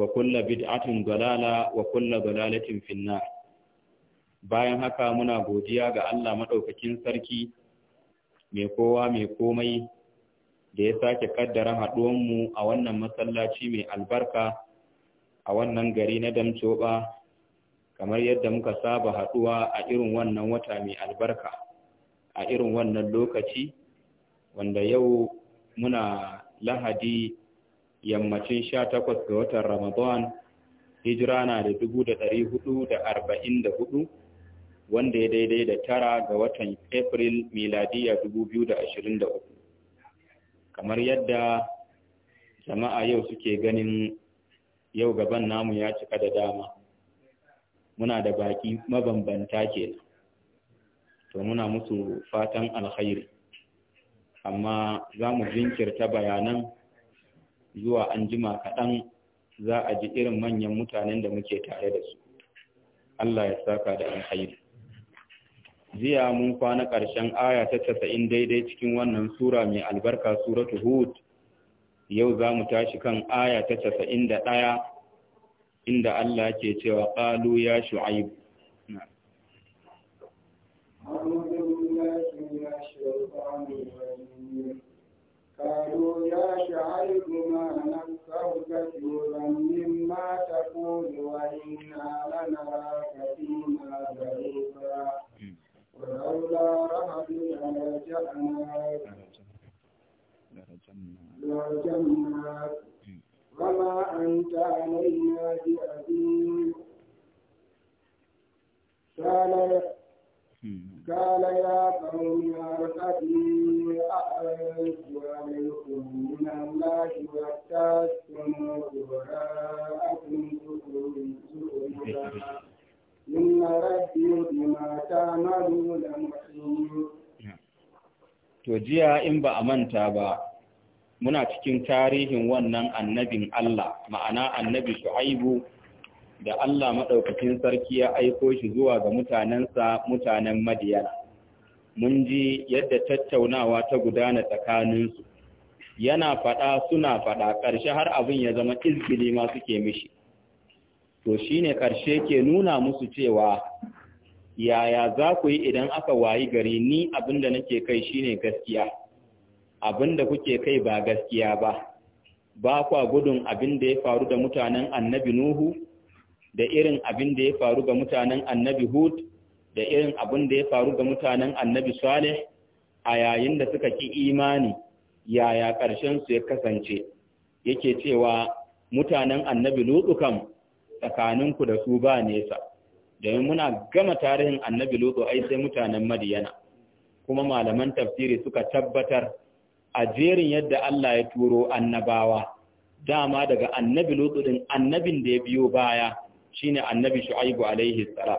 Wa kulla bid'atin dalala wa kulla dalalatin finna. bayan haka muna godiya ga Allah maɗaukakin sarki mai kowa mai komai da ya sake kaddara mu a wannan masallaci mai albarka a wannan gari na damcoba kamar yadda muka saba haɗuwa a irin wannan wata mai albarka a irin wannan lokaci wanda yau muna lahadi yammacin sha takwas ga watan Ramadan hijira na da dubu da ɗari hudu da arba'in da hudu wanda ya daidai da tara ga watan April miladiya dubu biyu da ashirin da uku. Kamar yadda jama'a yau suke ganin yau gaban namu ya cika da dama. Muna da baƙi mabambanta kenan. To muna musu fatan alkhairi. Amma za mu jinkirta bayanan zuwa an jima kaɗan za a ji irin manyan mutanen da muke tare da su. Allah ya saka da haini. Jiya mun kwana ƙarshen aya ta casa'in daidai cikin wannan Sura mai albarka Suratu Hud, yau za mu tashi kan aya ta casa'in da ɗaya inda Allah ke cewa ƙalu ya shu'aibu. عليكما نفسه كثيرا مما تقول وإنا لنراك فينا ضعيفا ولولا رهبنا لرجعناك لرجمناك وما أنت علينا بأبيك قال Hmm. قال يا قوم أرقتي أعرف عليكم من الله واتاكم وراءكم سؤلا إن ربي بما تعملون محيط To jiya in ba a manta ba, muna cikin tarihin wannan annabin Allah, ma'ana annabi Shu'aibu da Allah maɗaukakin sarki ya aiko shi zuwa ga mutanensa mutanen Madiyana. Mun ji yadda tattaunawa ta gudana tsakaninsu, yana faɗa suna faɗa ƙarshe har abin ya zama izgili ma suke mishi. To shine ne ƙarshe ke nuna musu cewa, yaya za ku yi idan aka wayi gari ni abin da nake kai shi ne gaskiya, abin da kuke kai ba gaskiya ba, ba kwa gudun abin da ya faru da mutanen annabi Nuhu, da irin abin da ya faru ga mutanen annabi Hud da irin abin da ya faru ga mutanen annabi Saleh a yayin da suka ki imani yaya ƙarshen su ya kasance yake cewa mutanen annabi Lutukan tsakaninku da su ba nesa domin muna gama tarihin annabi Lutu ai sai mutanen Madiyana kuma malaman tafsiri suka tabbatar a jerin yadda Allah ya turo annabawa dama daga annabi Lutu din annabin da ya biyo baya Shi shine annabi shu'aibu alaihi tsara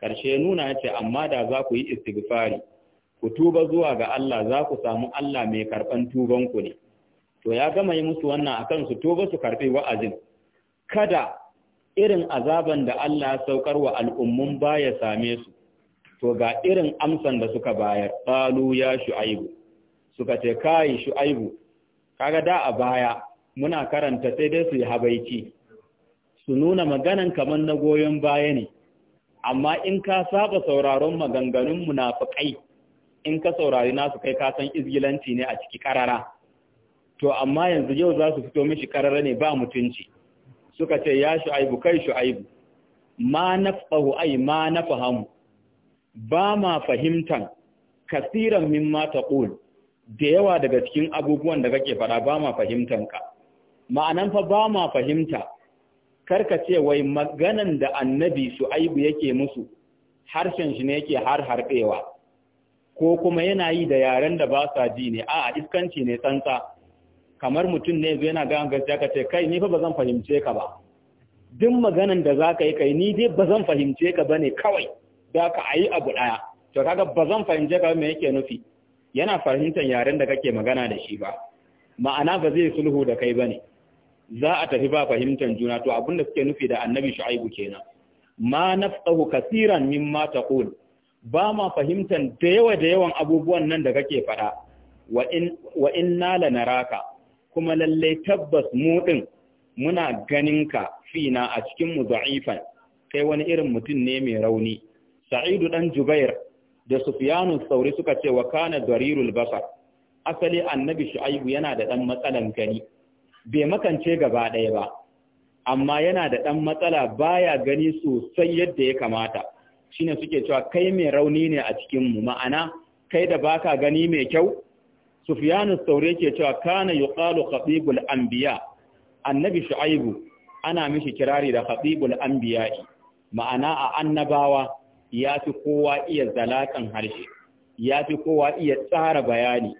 karshe nuna ya ce amma da za ku yi istighfari ku tuba zuwa ga Allah za ku samu Allah mai karɓan tubanku ne to ya gama yi musu wannan akan su tuba su karɓi wa'azin kada irin azaban da Allah ya saukar wa al'ummun baya same su to ga irin amsan da suka bayar ɓalu ya shu'aibu suka ce kai shu'aibu kaga da a baya muna karanta sai dai su yi habaici su nuna maganan kamar na goyon baya ne amma in ka saba sauraron maganganun munafukai in ka saurari nasu kai kasan izgilanci ne a ciki karara to amma yanzu yau za su fito mishi karara ne ba mutunci suka ce ya shu'aibu kai shu'aibu ma na fahu ai ma fahamu, ba ma fahimtan kasiran min mata ƙul, da yawa daga cikin abubuwan da kake fara ba ma fahimtan ka ma'anan fa ba ma fahimta karka ce wai maganan da annabi shu'aibu yake musu harshen shi ne yake har harbewa ko kuma yana yi da yaren da ba sa ji ne a'a iskanci ne tsantsa kamar mutum ne zai yana gan gaskiya ka ce kai ni fa bazan fahimce ka ba duk maganan da zaka yi kai ni dai bazan fahimce ka bane kawai da ka ayi abu daya to kaga bazan fahimce ka me yake nufi yana fahimtar yaren da kake magana da shi ba ma'ana ba zai sulhu da kai bane za a tafi ba fahimtar juna to abin da suke nufi da annabi shu'aibu kenan ma nafqahu kaseeran mimma taqul ba ma fahimtar da yawa da yawan abubuwan nan da kake fada wa in wa inna lanaraka kuma lalle tabbas mu din muna ganinka fina a cikin mu da'ifan kai wani irin mutum ne mai rauni sa'idu dan jubair da sufyanu sauri suka ce wa kana darirul basar asali annabi shu'aibu yana da dan matsalan gani bai makance gaba ɗaya ba amma yana da ɗan matsala baya gani sosai yadda ya kamata Shi ne suke cewa kai mai rauni ne a cikinmu ma'ana kai da baka gani mai kyau sufyanu saure ke cewa kana yuqalu haɗibul ambiya annabi shu'aibu ana mishi kirari da khatibul anbiya ma'ana a annabawa ya fi kowa iya zalakan harshe ya fi kowa iya tsara bayani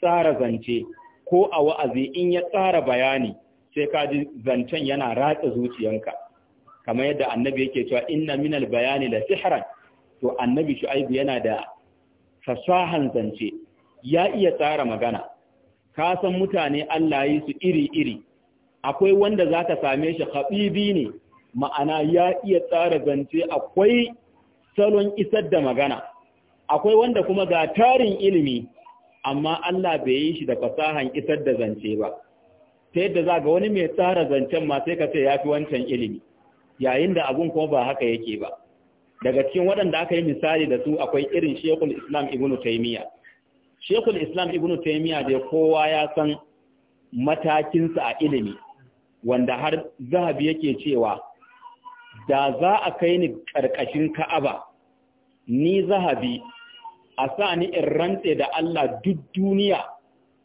tsara zance ko a wa'azi in ya tsara bayani sai ka ji zancen yana ratsa zuciyanka kamar yadda annabi yake cewa inna minal bayani la sihran to annabi shu'aibu yana da fasahan zance ya iya tsara magana ka san mutane Allah yi su iri-iri akwai wanda zaka same shi Habibi ne ma'ana ya iya tsara zance akwai salon isar da magana akwai wanda kuma ga tarin ilimi amma Allah bai yi shi da fasahan isar da zance ba ta yadda za ga wani mai tsara zancen ma sai ka ce ya fi wancan ilimi yayin da abun kuma ba haka yake ba daga cikin waɗanda aka yi misali da su akwai irin shekul islam ibn taimiyya shekul islam ibn taimiyya dai kowa ya san matakinsa a ilimi wanda har zahabi yake cewa da za a kai ni ƙarƙashin ka'aba ni zahabi a sa ni in rantse da Allah duk duniya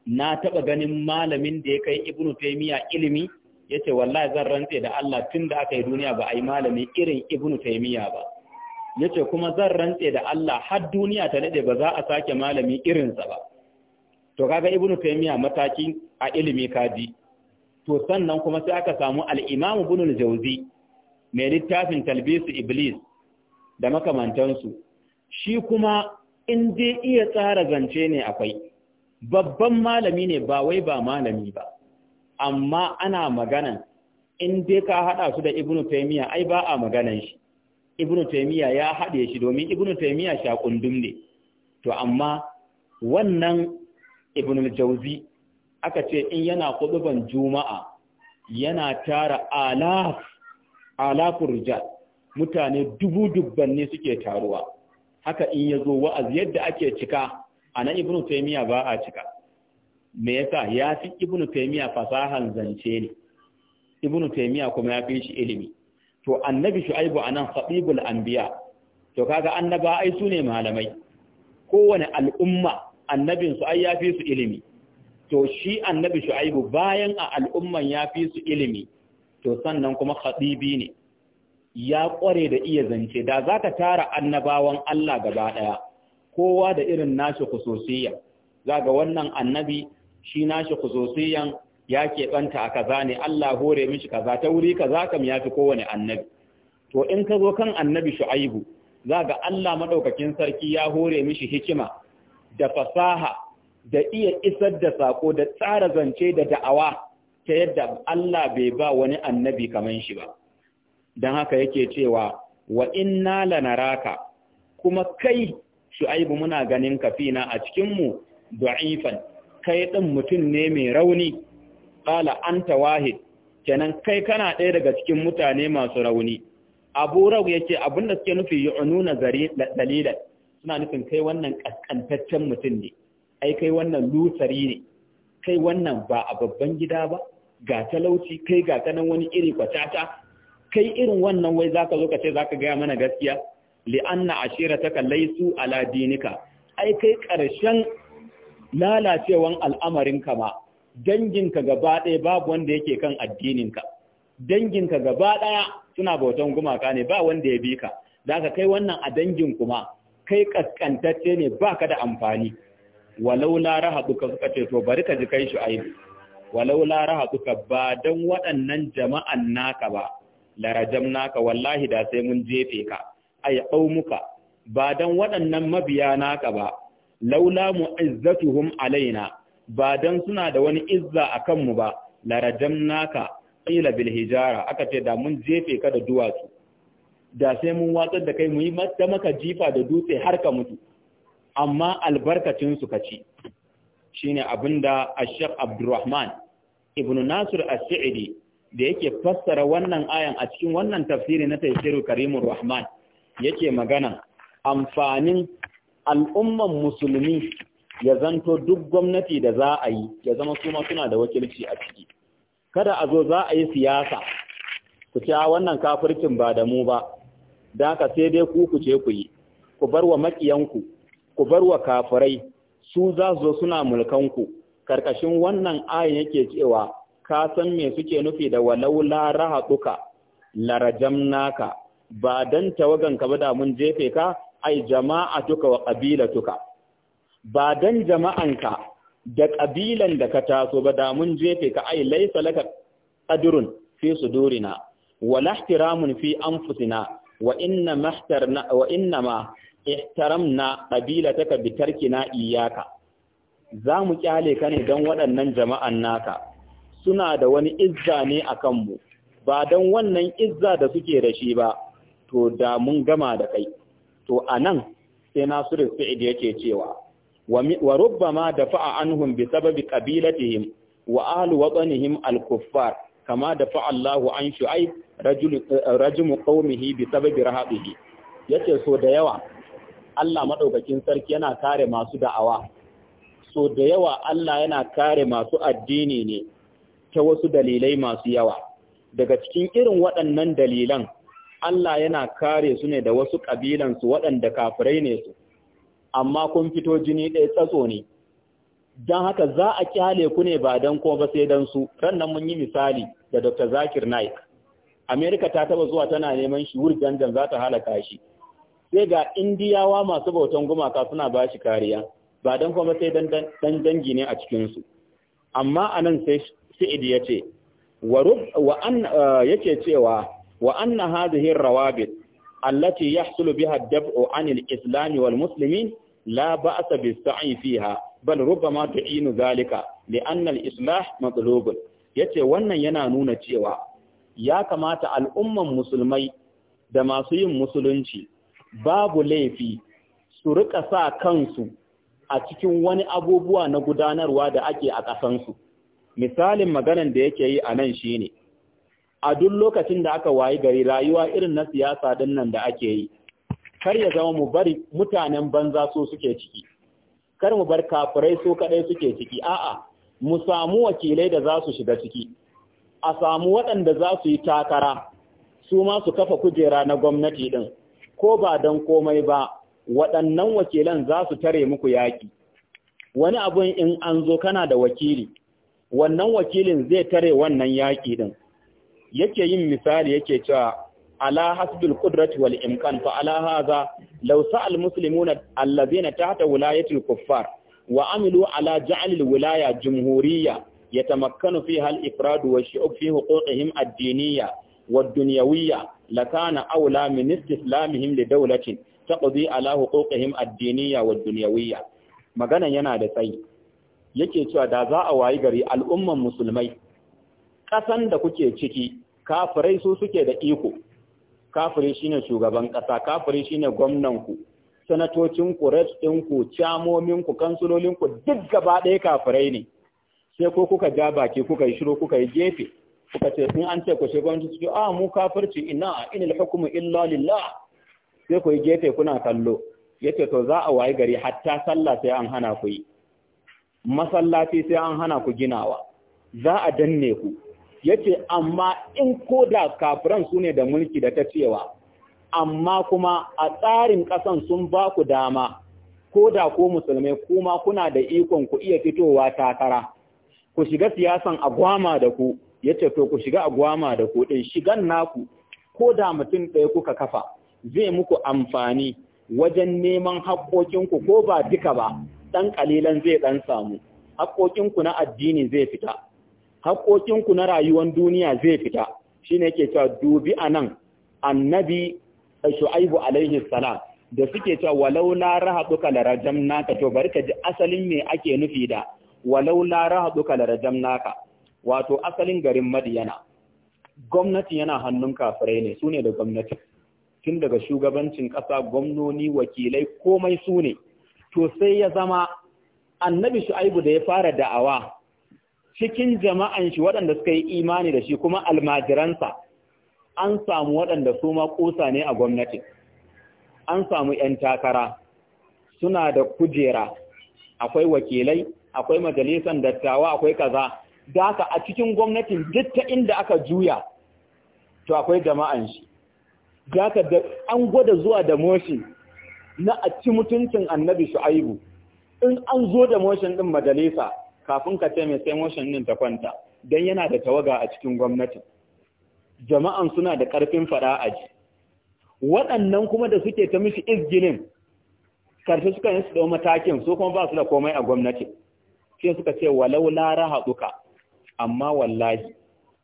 na taɓa ganin malamin da ya kai ibnu taimiya ilimi ya ce wallahi zan rantse da Allah tun da aka yi duniya ba a yi malami irin ibnu taimiya ba ya ce kuma zan rantse da Allah har duniya ta daɗe ba za a sake malami irinsa ba to kaga ibnu taimiya mataki a ilimi kaji to sannan kuma sai aka samu al'imamu bunul jauzi mai littafin talbisu iblis da makamantansu shi kuma in dai iya tsara zance ne akwai babban malami ne ba wai ba malami ba amma ana magana in dai ka hada su da ibnu taymiya ai ba a maganan shi ibnu taymiya ya hade shi domin ibnu taymiya shakundum ne to amma wannan ibnu jawzi aka ce in yana kuduban juma'a yana tara alaf alafur mutane dubu dubban ne suke taruwa haka in ya zo wa'azi yadda ake cika a nan ibnu taimiyya ba a cika me yasa ya fi Ibn taimiyya fasahan zance ne Ibn taimiyya kuma ya fi shi ilimi to annabi shu'aibu anan khatibul anbiya to kaga annaba ai su ne malamai kowane al'umma annabin su ai ya fi su ilimi to shi annabi shu'aibu bayan a al'umman ya fi su ilimi to sannan kuma khatibi ne ya ƙware da iya zance da za ka tara annabawan Allah gaba ɗaya kowa da irin nashi kusosiyan za ga wannan annabi shi nashi kusosiyan ya keɓanta a kaza ne Allah hore mishi kaza ta wuri kaza kam ya fi kowane annabi to in ka zo kan annabi shu'aibu za ga Allah maɗaukakin sarki ya hore mishi hikima da fasaha da iya isar da sako da tsara zance da da'awa ta yadda Allah bai ba wani annabi kamar shi ba don haka yake cewa wa inna lanaraka kuma kai shu'aibu muna ganin kafina a cikinmu da'ifan kai ɗin mutum ne mai rauni qala anta wahid kenan kai kana ɗaya daga cikin mutane masu rauni abu rau ya abin abinda suke nufi yu'nuna zari dalilan suna nufin kai wannan ƙasƙantaccen mutum ne ai kai wannan lusari ne kai wannan ba a babban gida ba ga talauci kai ga kanan wani iri kwatata kai irin wannan wai zaka zo ka ce zaka gaya mana gaskiya li'anna ashirataka laysu ala dinika ai kai karshen lalacewan al'amarinka ma danginka gaba ɗaya babu wanda yake kan addininka danginka gaba ɗaya suna bautan gumaka ne ba wanda ya bi ka zaka kai wannan a dangin kuma kai kaskantacce ne baka da amfani walau la rahabuka suka ce to bari ka ji kai shu'aibu walau la rahabuka ba dan waɗannan jama'an naka ba naka, wallahi da sai mun jefe ka ay qaumuka ba dan waɗannan mabiya naka ba laula mu'izzatuhum alaina ba dan suna da wani izza akan mu ba larajamnaka qila bil hijara aka ce da mun jefe ka da duwatsu da sai mun watsar da kai mu yi mata maka jifa da dutse har ka mutu amma albarkacin su kaci shine abinda Ashaq Abdurrahman ibn Nasir As-Sa'idi da yake fassara wannan ayan a cikin wannan tafsiri na tafsirin Karimur Rahman yake magana amfanin al'umman musulmi ya zanto duk gwamnati da za a yi ya zama kuma suna da wakilci a ciki kada a zo za a yi siyasa ku ce wannan kafircin ba da mu ba da ka sai dai ku ku ce ku yi ku bar wa makiyanku ku bar wa kafirai su za su zo suna mulkan ku. karkashin wannan a'yan yake cewa ka san me suke nufi da walau la rahatuka larajamnaka ba dan tawagan ka ba da mun jefe ka ai jama'atuka wa qabilatuka ba dan jama'anka da ƙabilan da ka taso ba da mun jefe ka ai laisa laka qadrun fi sudurina wala ihtiramun fi anfusina wa inna mahtarna wa inna ma ihtaramna qabilataka bitarkina iyyaka zamu kyale ka ne dan waɗannan jama'an naka suna da wani izza ne a kanmu ba don wannan izza da suke da shi ba to da mun gama da kai to a nan sai nasiru sa'id yake cewa wa Rubba ma da fa'a anhum bi sababi qabilatihim wa ahli watanihim al-kuffar kama dafa'a Allahu an shu’ai rajimu ƙaumihi bi sababi rahabihi yace so da yawa Allah maɗaukakin sarki yana kare masu da'awa so da yawa Allah yana kare masu addini ne ta wasu dalilai masu yawa daga cikin irin waɗannan dalilan Allah yana kare su ne da wasu ƙabilansu waɗanda kafirai ne su amma kun fito jini ɗaya tsatso ne don haka za a kyale ku ne ba don ko ba sai don su rannan mun yi misali da Dr. Zakir Naik Amerika ta taba zuwa tana neman shi wurjanjan za ta halaka shi sai ga indiyawa masu bautan gumaka suna ba shi kariya ba don kuma sai don dangi ne a cikinsu amma anan nan sai sa'id ya ce, wa eh, yake cewa wa anna hadhihi rawabit allati yahsulu biha ad-dab'u 'an al wal muslimin la ba'sa bis-sa'i fiha bal rubbama tu'inu dhalika li'anna al-islah matlubun yace wannan yana nuna cewa ya kamata al'umman musulmai da masu yin musulunci babu laifi su rika sa kansu a cikin wani abubuwa na gudanarwa da ake a ƙasansu. misalin maganan da yake yi a nan shi ne, a duk lokacin da aka wayi gari rayuwa irin na siyasa din nan da ake yi, kar ya zama mu bari mutanen banza so suke ciki, kar mu bar kafirai so kaɗai suke ciki, a'a, mu samu wakilai da za su shiga ciki, a samu waɗanda za su yi takara, su ma su kafa kujera na gwamnati ɗin, ko ba don komai ba, waɗannan wakilan za su tare muku yaƙi. Wani abun in an zo kana da wakili, wannan wakilin zai tare wannan yaƙi ɗin yake yin misali yake cewa ala hasbil qudrati wal imkan fa ala hadha law sa'al muslimuna allazina tahta wilayati al kuffar wa amilu ala ja'al al wilaya jumhuriyya yatamakkanu fiha al ifrad wa shi'ub fi huquqihim ad diniyya wad dunyawiyya lakana awla min istislamihim li dawlatin taqdi ala huquqihim ad diniyya wad dunyawiyya maganan yana da tsayi yake cewa da za a wayi gari al'umman musulmai ƙasan da kuke ciki kafirai su suke da iko kafirai shine shugaban ƙasa kafirai shine gwamnanku ku reps ku kansulolin ku duk gaba ɗaya kafirai ne sai ko kuka ja baki kuka yi shiru kuka yi gefe kuka ce sun an ce ku shi gwamnati su ce a ah, mu kafirci ina inil hukumu illa lillah sai ku yi gefe kuna kallo yace to za a wayi gari hatta sallah sai an hana ku yi masallaci sai an hana ku ginawa za a danne ku yace amma in ko da kafiran su ne da mulki da ta cewa amma kuma a tsarin ƙasan sun ba ku dama ko da ko musulmai kuma kuna da ikon ku iya fitowa takara ku shiga siyasan agwama da ku yace to ku shiga agwama da ku din shigan naku ko da mutum ɗaya kuka kafa zai muku amfani wajen neman haƙƙoƙinku ko ba duka ba ɗan ƙalilan zai ɗan samu, haƙoƙinku na addini zai fita, haƙoƙinku na rayuwar duniya zai fita, shi ne ke cewa dubi a nan, annabi Shu'aibu alaihi salam da suke cewa walau la rahaduka la naka, to bari ka ji asalin me ake nufi da walau la rahaduka la naka. wato asalin garin Madiyana gwamnati yana hannun kafirai ne sune da gwamnati tun daga shugabancin ƙasa, gwamnoni wakilai komai sune to sai ya zama annabi shu'aibu da ya fara da'awa cikin jama'an shi waɗanda suka yi imani da shi kuma almajiransa an samu waɗanda su ma kusa ne a gwamnati an samu 'yan takara suna da kujera akwai wakilai akwai majalisan dattawa akwai kaza da haka a cikin gwamnati duk ta inda aka juya to akwai jama'an shi da an gwada zuwa da moshi na a ci mutuncin annabi shu'aibu in an zo da motion ɗin majalisa kafin ka ce mai sai motion din ta kwanta dan yana da tawaga a cikin gwamnati jama'an suna da karfin fada a ji waɗannan kuma da suke ta mishi izginin karfe suka yi su da matakin su kuma ba su da komai a gwamnati sai suka ce walau la haɗuka amma wallahi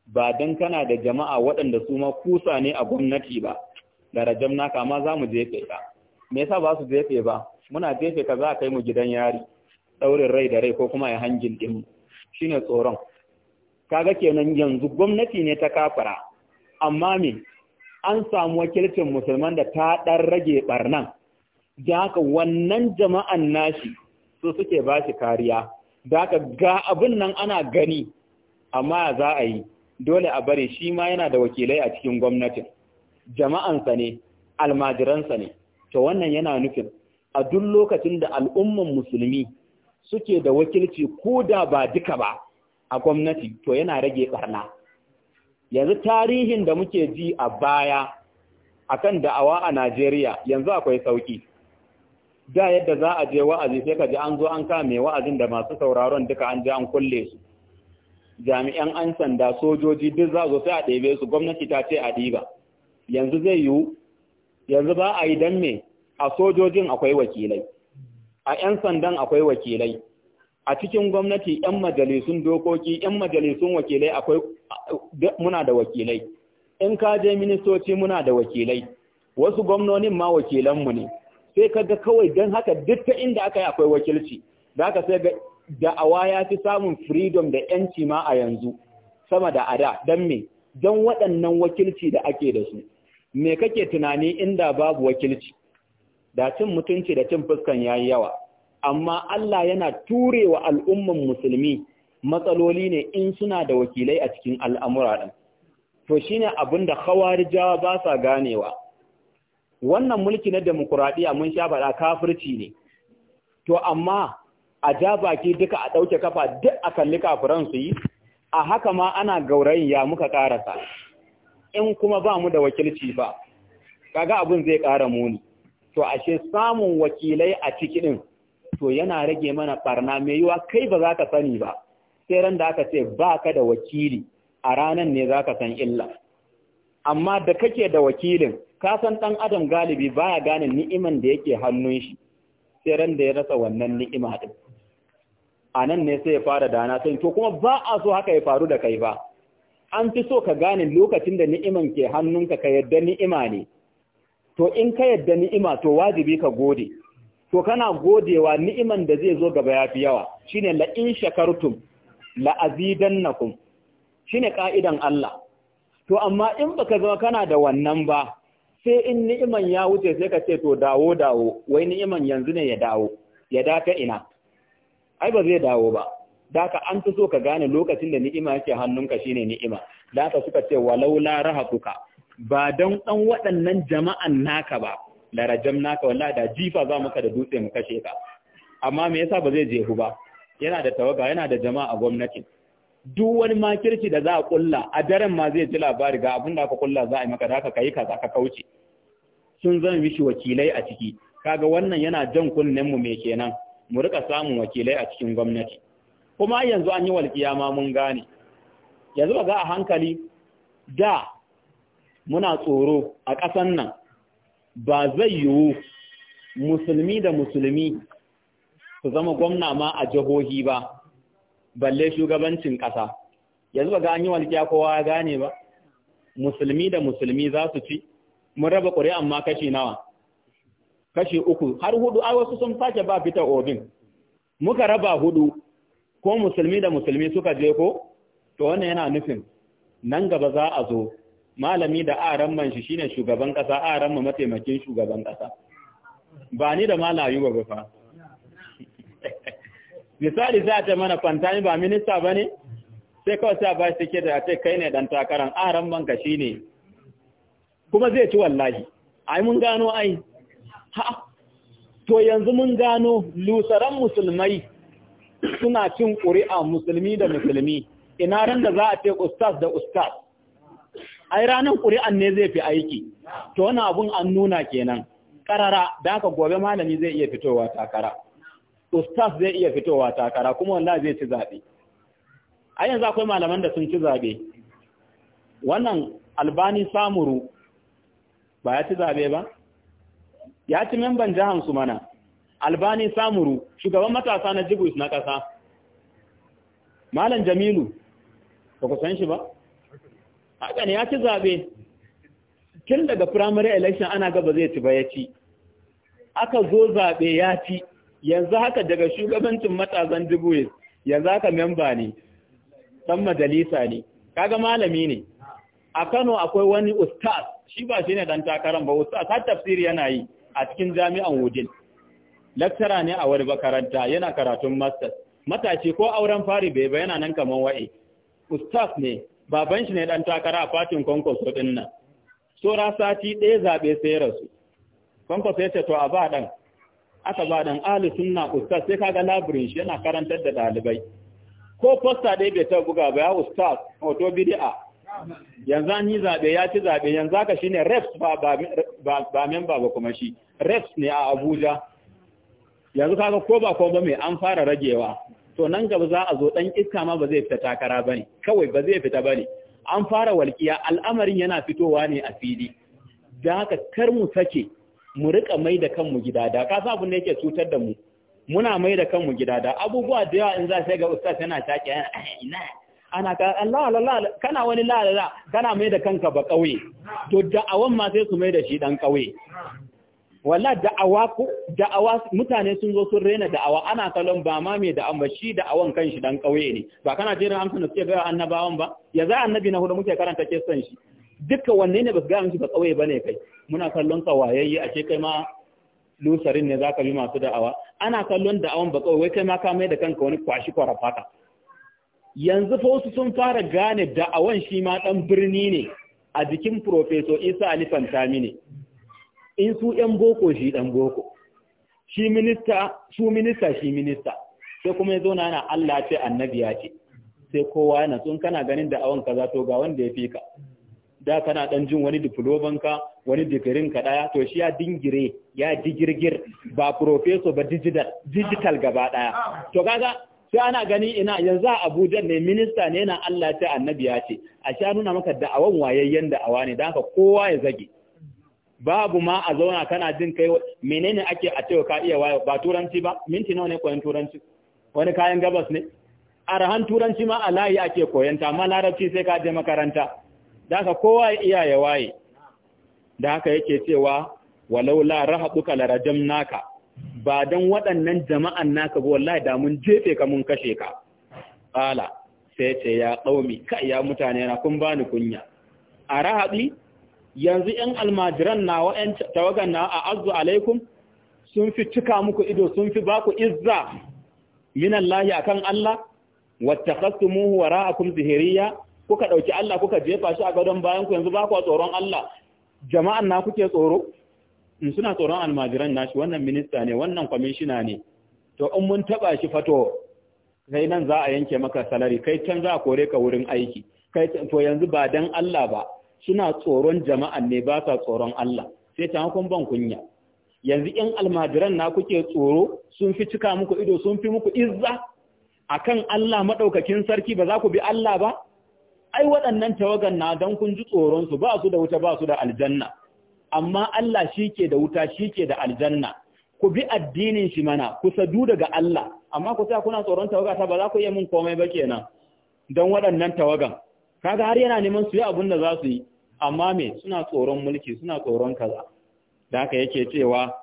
ba dan kana da jama'a waɗanda su ma kusa ne a gwamnati ba da rajam naka ma za mu je kai ka me yasa ba su jefe ba muna jefe ka za a kai mu gidan yari daurin rai da rai ko kuma ya hangin din shine tsoron kaga kenan yanzu gwamnati ne ta kafara amma me an samu wakilcin musulman da ta ɗan rage barnan da haka wannan jama'an nashi su suke ba shi kariya da haka ga abin nan ana gani amma za a yi dole a bari shi ma yana da wakilai a cikin gwamnatin sa ne almajiransa ne to wannan yana nufin a duk lokacin da al'umman musulmi suke da wakilci ko da ba duka ba a gwamnati to yana rage ɓarna. yanzu tarihin da muke ji a baya akan da'awa a Najeriya yanzu akwai sauki da yadda za a je wa'azi sai ka ji an zo an kame wa'azin da masu sauraron duka an je an kulle su jami'an an sanda sojoji duk za zo sai a ɗebe su gwamnati ta ce a ɗiba yanzu zai yiwu yanzu ba a yi don me a sojojin akwai wakilai a 'yan sandan akwai wakilai a cikin gwamnati 'yan majalisun dokoki 'yan majalisun wakilai akwai muna da wakilai in ka je ministoci muna da wakilai wasu gwamnonin ma wakilanmu ne sai kaga kawai don haka duk ta inda aka yi akwai wakilci da aka sai da'awa ya fi samun freedom da yanci ma a yanzu sama da ada dan me don waɗannan wakilci da ake da su me kake tunani inda babu wakilci da cin mutunci da cin fuskan yayi yawa amma Allah yana turewa al'umman musulmi matsaloli ne in suna da wakilai a cikin al'amura ɗin to shine abin da khawarijawa ba sa ganewa wannan mulki na demokuraɗiyya mun sha faɗa kafirci ne to amma a ja baki duka a ɗauke kafa duk a kalli kafiran su yi a haka ma ana gaurayin ya muka ƙarasa in kuma ba mu da wakilci ka kaga abin zai ƙara muni to ashe samun wakilai a ciki din to yana rage mana ɓarna mai yiwa kai ba za ka sani ba sai ran da aka ce ba ka da wakili a ranan ne za ka san illa amma da kake da wakilin ka san ɗan adam galibi baya gane ni'iman da yake hannun shi sai ran da ya rasa wannan ni'ima din a nan ne sai ya fara dana sai to kuma ba a so haka ya faru da kai ba an fi so ka gane lokacin da ni'iman ke hannunka ka yadda ni'ima ne to in ka yadda ni'ima to wajibi ka gode to kana godewa ni'iman da zai zo gaba ya fi yawa shine la in shakartum kun, shi shine ƙa'idan Allah to amma in ba ka zama kana da wannan ba sai in ni'iman ya wuce sai ka ce to dawo dawo wai ni'iman yanzu ne ya dawo ya ina ai ba zai dawo ba Daka an fi so ka gane lokacin da ni'ima yake hannunka ne ni'ima. Daka suka ce walaula rahatuka ba don ɗan waɗannan jama'an naka ba, larajen naka wallahi da jifa za muka da dutse mu kashe ka. Amma me yasa ba zai jehu ba? Yana da tawaga, yana da jama'a a gwamnati. Duk wani makirci da za a kulla, a daren ma zai ji labari ga abin da aka kulla za a yi maka da aka kai kaza ka kauce. Sun zan mishi wakilai a ciki. Kaga wannan yana jan kunnen mu me kenan? Mu rika samun wakilai a cikin gwamnati. kuma yanzu an yi walƙiya ma mun gane yanzu ba za a hankali da muna tsoro a ƙasan nan ba zai yiwu musulmi da musulmi su zama gwamna ma a jihohi ba balle shugabancin ƙasa yanzu ba ga an yi walƙiya kowa ya gane ba musulmi da musulmi za su ci mun raba ƙuri'an ma kashi nawa kashi uku har hudu ai wasu sun sake ba fita obin muka raba hudu ko musulmi da musulmi suka je ko to wannan yana nufin nan gaba za a zo malami da aran man shi shine shugaban kasa aran ma mataimakin shugaban kasa ba ni da malayu ba fa misali za ta mana fantani ba minista bane sai kawai sai ba shi ke da ce kai ne dan takaran aran man ka shine kuma zai ci wallahi ai mun gano ai ha to yanzu mun gano lusaran musulmai suna cin ƙuri'a musulmi da musulmi ina ran da za a ce ustaz da ustaz ai ranar ƙuri'an ne zai fi aiki to wani abun an nuna kenan karara da haka gobe malami zai iya fitowa takara ustaz zai iya fitowa takara kuma wallahi zai ci zaɓe a yanzu akwai malaman da sun ci zaɓe wannan albani samuru ba ya ci zaɓe ba ya ci memban su mana albani samuru shugaban matasa na jibus na ƙasa malam jamilu ba ku san shi ba haka ne ya ci zaɓe tun daga firamare election ana gaba zai ci ba ya ci aka zo zaɓe ya ci yanzu haka daga shugabancin matasan jibus yanzu haka memba ne ɗan majalisa ne kaga malami ne a kano akwai wani ustaz shi ba shi ne ɗan takarar ba ustaz har tafsiri yana yi a cikin jami'an wujin laktara ne a wani makaranta yana karatun master matashi ko auren fari bai ba yana nan kaman wa'i ustaz ne baban shi ne dan takara a fatin konkos din nan ra sati ɗaya zaɓe sai rasu konkos ya ce to a ba dan? aka ba dan ahli sunna ustaz sai kaga labirin shi yana karantar da ɗalibai ko posta ɗaya bai ta buga ba ya ustaz hoto bid'a yanzu an yi zaɓe ya ci zaɓe yanzu haka shine refs ba ba memba ba kuma shi refs ne a abuja yanzu kaga ko ba ko ba mai an fara ragewa to nan gaba za a zo dan iska ma ba zai fita takara bane kawai ba zai fita bane an fara walƙiya al'amarin yana fitowa ne a fili da haka kar mu sake mu rika mai da kanmu gida da ka sa abin da yake cutar da mu muna mai da kanmu gida da abubuwa da yawa in za sai ga ustaz yana take eh, eh, ina ana ka Allah eh, Allah kana wani la kana mai da kanka ba kauye to da awan ma sai su mai da shi dan kauye Wala da'awa ko da'awa mutane sun zo sun rena da'awa ana kallon ba ma me da'an ba shi da'awan kanshi dan kauye ne ba kana jira amsa da suke ga annabawan ba ya za annabi na hudu muke karanta ke san shi duka wanne ne ba ga amsa ba kauye bane kai muna kallon kawayayye a ce kai ma lusarin ne zaka bi masu da'awa ana kallon da'awan ba kauye kai ma ka mai da kanka wani kwashi kwarafaka yanzu fa wasu sun fara gane da'awan shi ma dan birni ne a jikin professor Isa Ali Fantami ne in su ‘yan boko shi ɗan boko, shi minista, su minista shi minista, sai kuma ya zauna yana Allah ce annabi ya ce, sai kowa yana sun kana ganin da awon kaza to ga wanda ya fi ka, da kana ɗan jin wani diplobanka, wani digirin ka ɗaya, to shi ya dingire, ya digirgir, ba profeso ba digital, digital gaba ɗaya. To kaga sai ana gani ina yanzu a Abuja ne minista ne yana Allah ce annabi ya ce, a sha nuna maka awon wayayyen awa ne, da haka kowa ya zage. babu ma a zauna kana jin kai menene ake a cewa ka iya wayo ba turanci ba minti nawa ne koyan turanci wani kayan gabas ne arhan turanci ma a layi ake koyanta amma larabci sai ka je makaranta da haka kowa ya iya ya waye da haka yake cewa walau la rahabuka la naka ba dan waɗannan jama'an naka ba wallahi da mun jefe ka mun kashe ka ala sai ce ya qaumi kai ya mutane na kun bani kunya arhabi yanzu ‘yan almajiran na wa'yan tawagan na a azu alaikum sun fi cika muku ido sun fi baku izza Minan a kan Allah wata muhu wa ra’akun zihiriya kuka ɗauki Allah kuka jefa shi a gadon bayanku yanzu ba kuwa tsoron Allah jama'an na kuke tsoro in suna tsoron almajiran nashi wannan minista ne wannan kwamishina ne to in mun taɓa shi fato sai nan za a yanke maka salari kai can za a kore ka wurin aiki kai to yanzu ba dan Allah ba suna tsoron jama'an ne ba sa tsoron Allah sai ta hankun ban kunya yanzu in almajiran na kuke tsoro sun fi cika muku ido sun fi muku izza akan Allah madaukakin sarki ba za ku bi Allah ba ai waɗannan tawagan na dan kun ji tsoron su ba su da wuta ba su da aljanna amma Allah shike da wuta shike da aljanna ku bi addinin shi mana ku sadu daga Allah amma ku sa kuna tsoron tawaga ta ba za ku iya min komai ba kenan don waɗannan tawagan kaga har yana neman su yi abin da za su yi amma me suna tsoron mulki suna tsoron kaza da haka yake cewa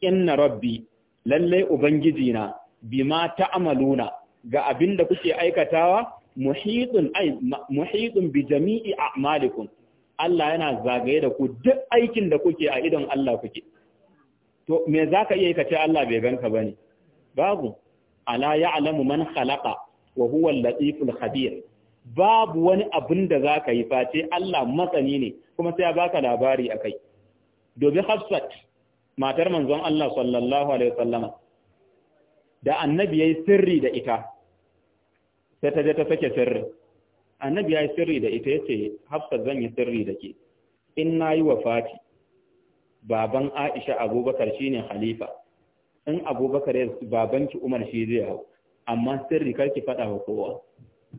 inna rabbi lallai ubangiji na bima ta'maluna ga abin da kuke aikatawa muhitun ay muhitun bi jami'i a'malikum Allah yana zagaye da ku duk aikin da kuke a idon Allah kuke to me zaka iya kace Allah bai ganka bane babu ala ya'lamu man khalaqa wa huwa al-latiful khabir babu wani abin da za ka yi face Allah matsani ne kuma sai ya baka labari a kai. Dobi Hafsat, matar manzon Allah sallallahu Alaihi wasallama, da annabi ya yi sirri da ita, sai ta je ta sake sirri. Annabi ya yi sirri da ita ya ce, Hafsat zan yi sirri da ke, in na yi fati, baban Aisha Abubakar shi ne Khalifa, in Abubakar ya babanki Umar shi zai hau, amma sirri karki faɗa wa kowa.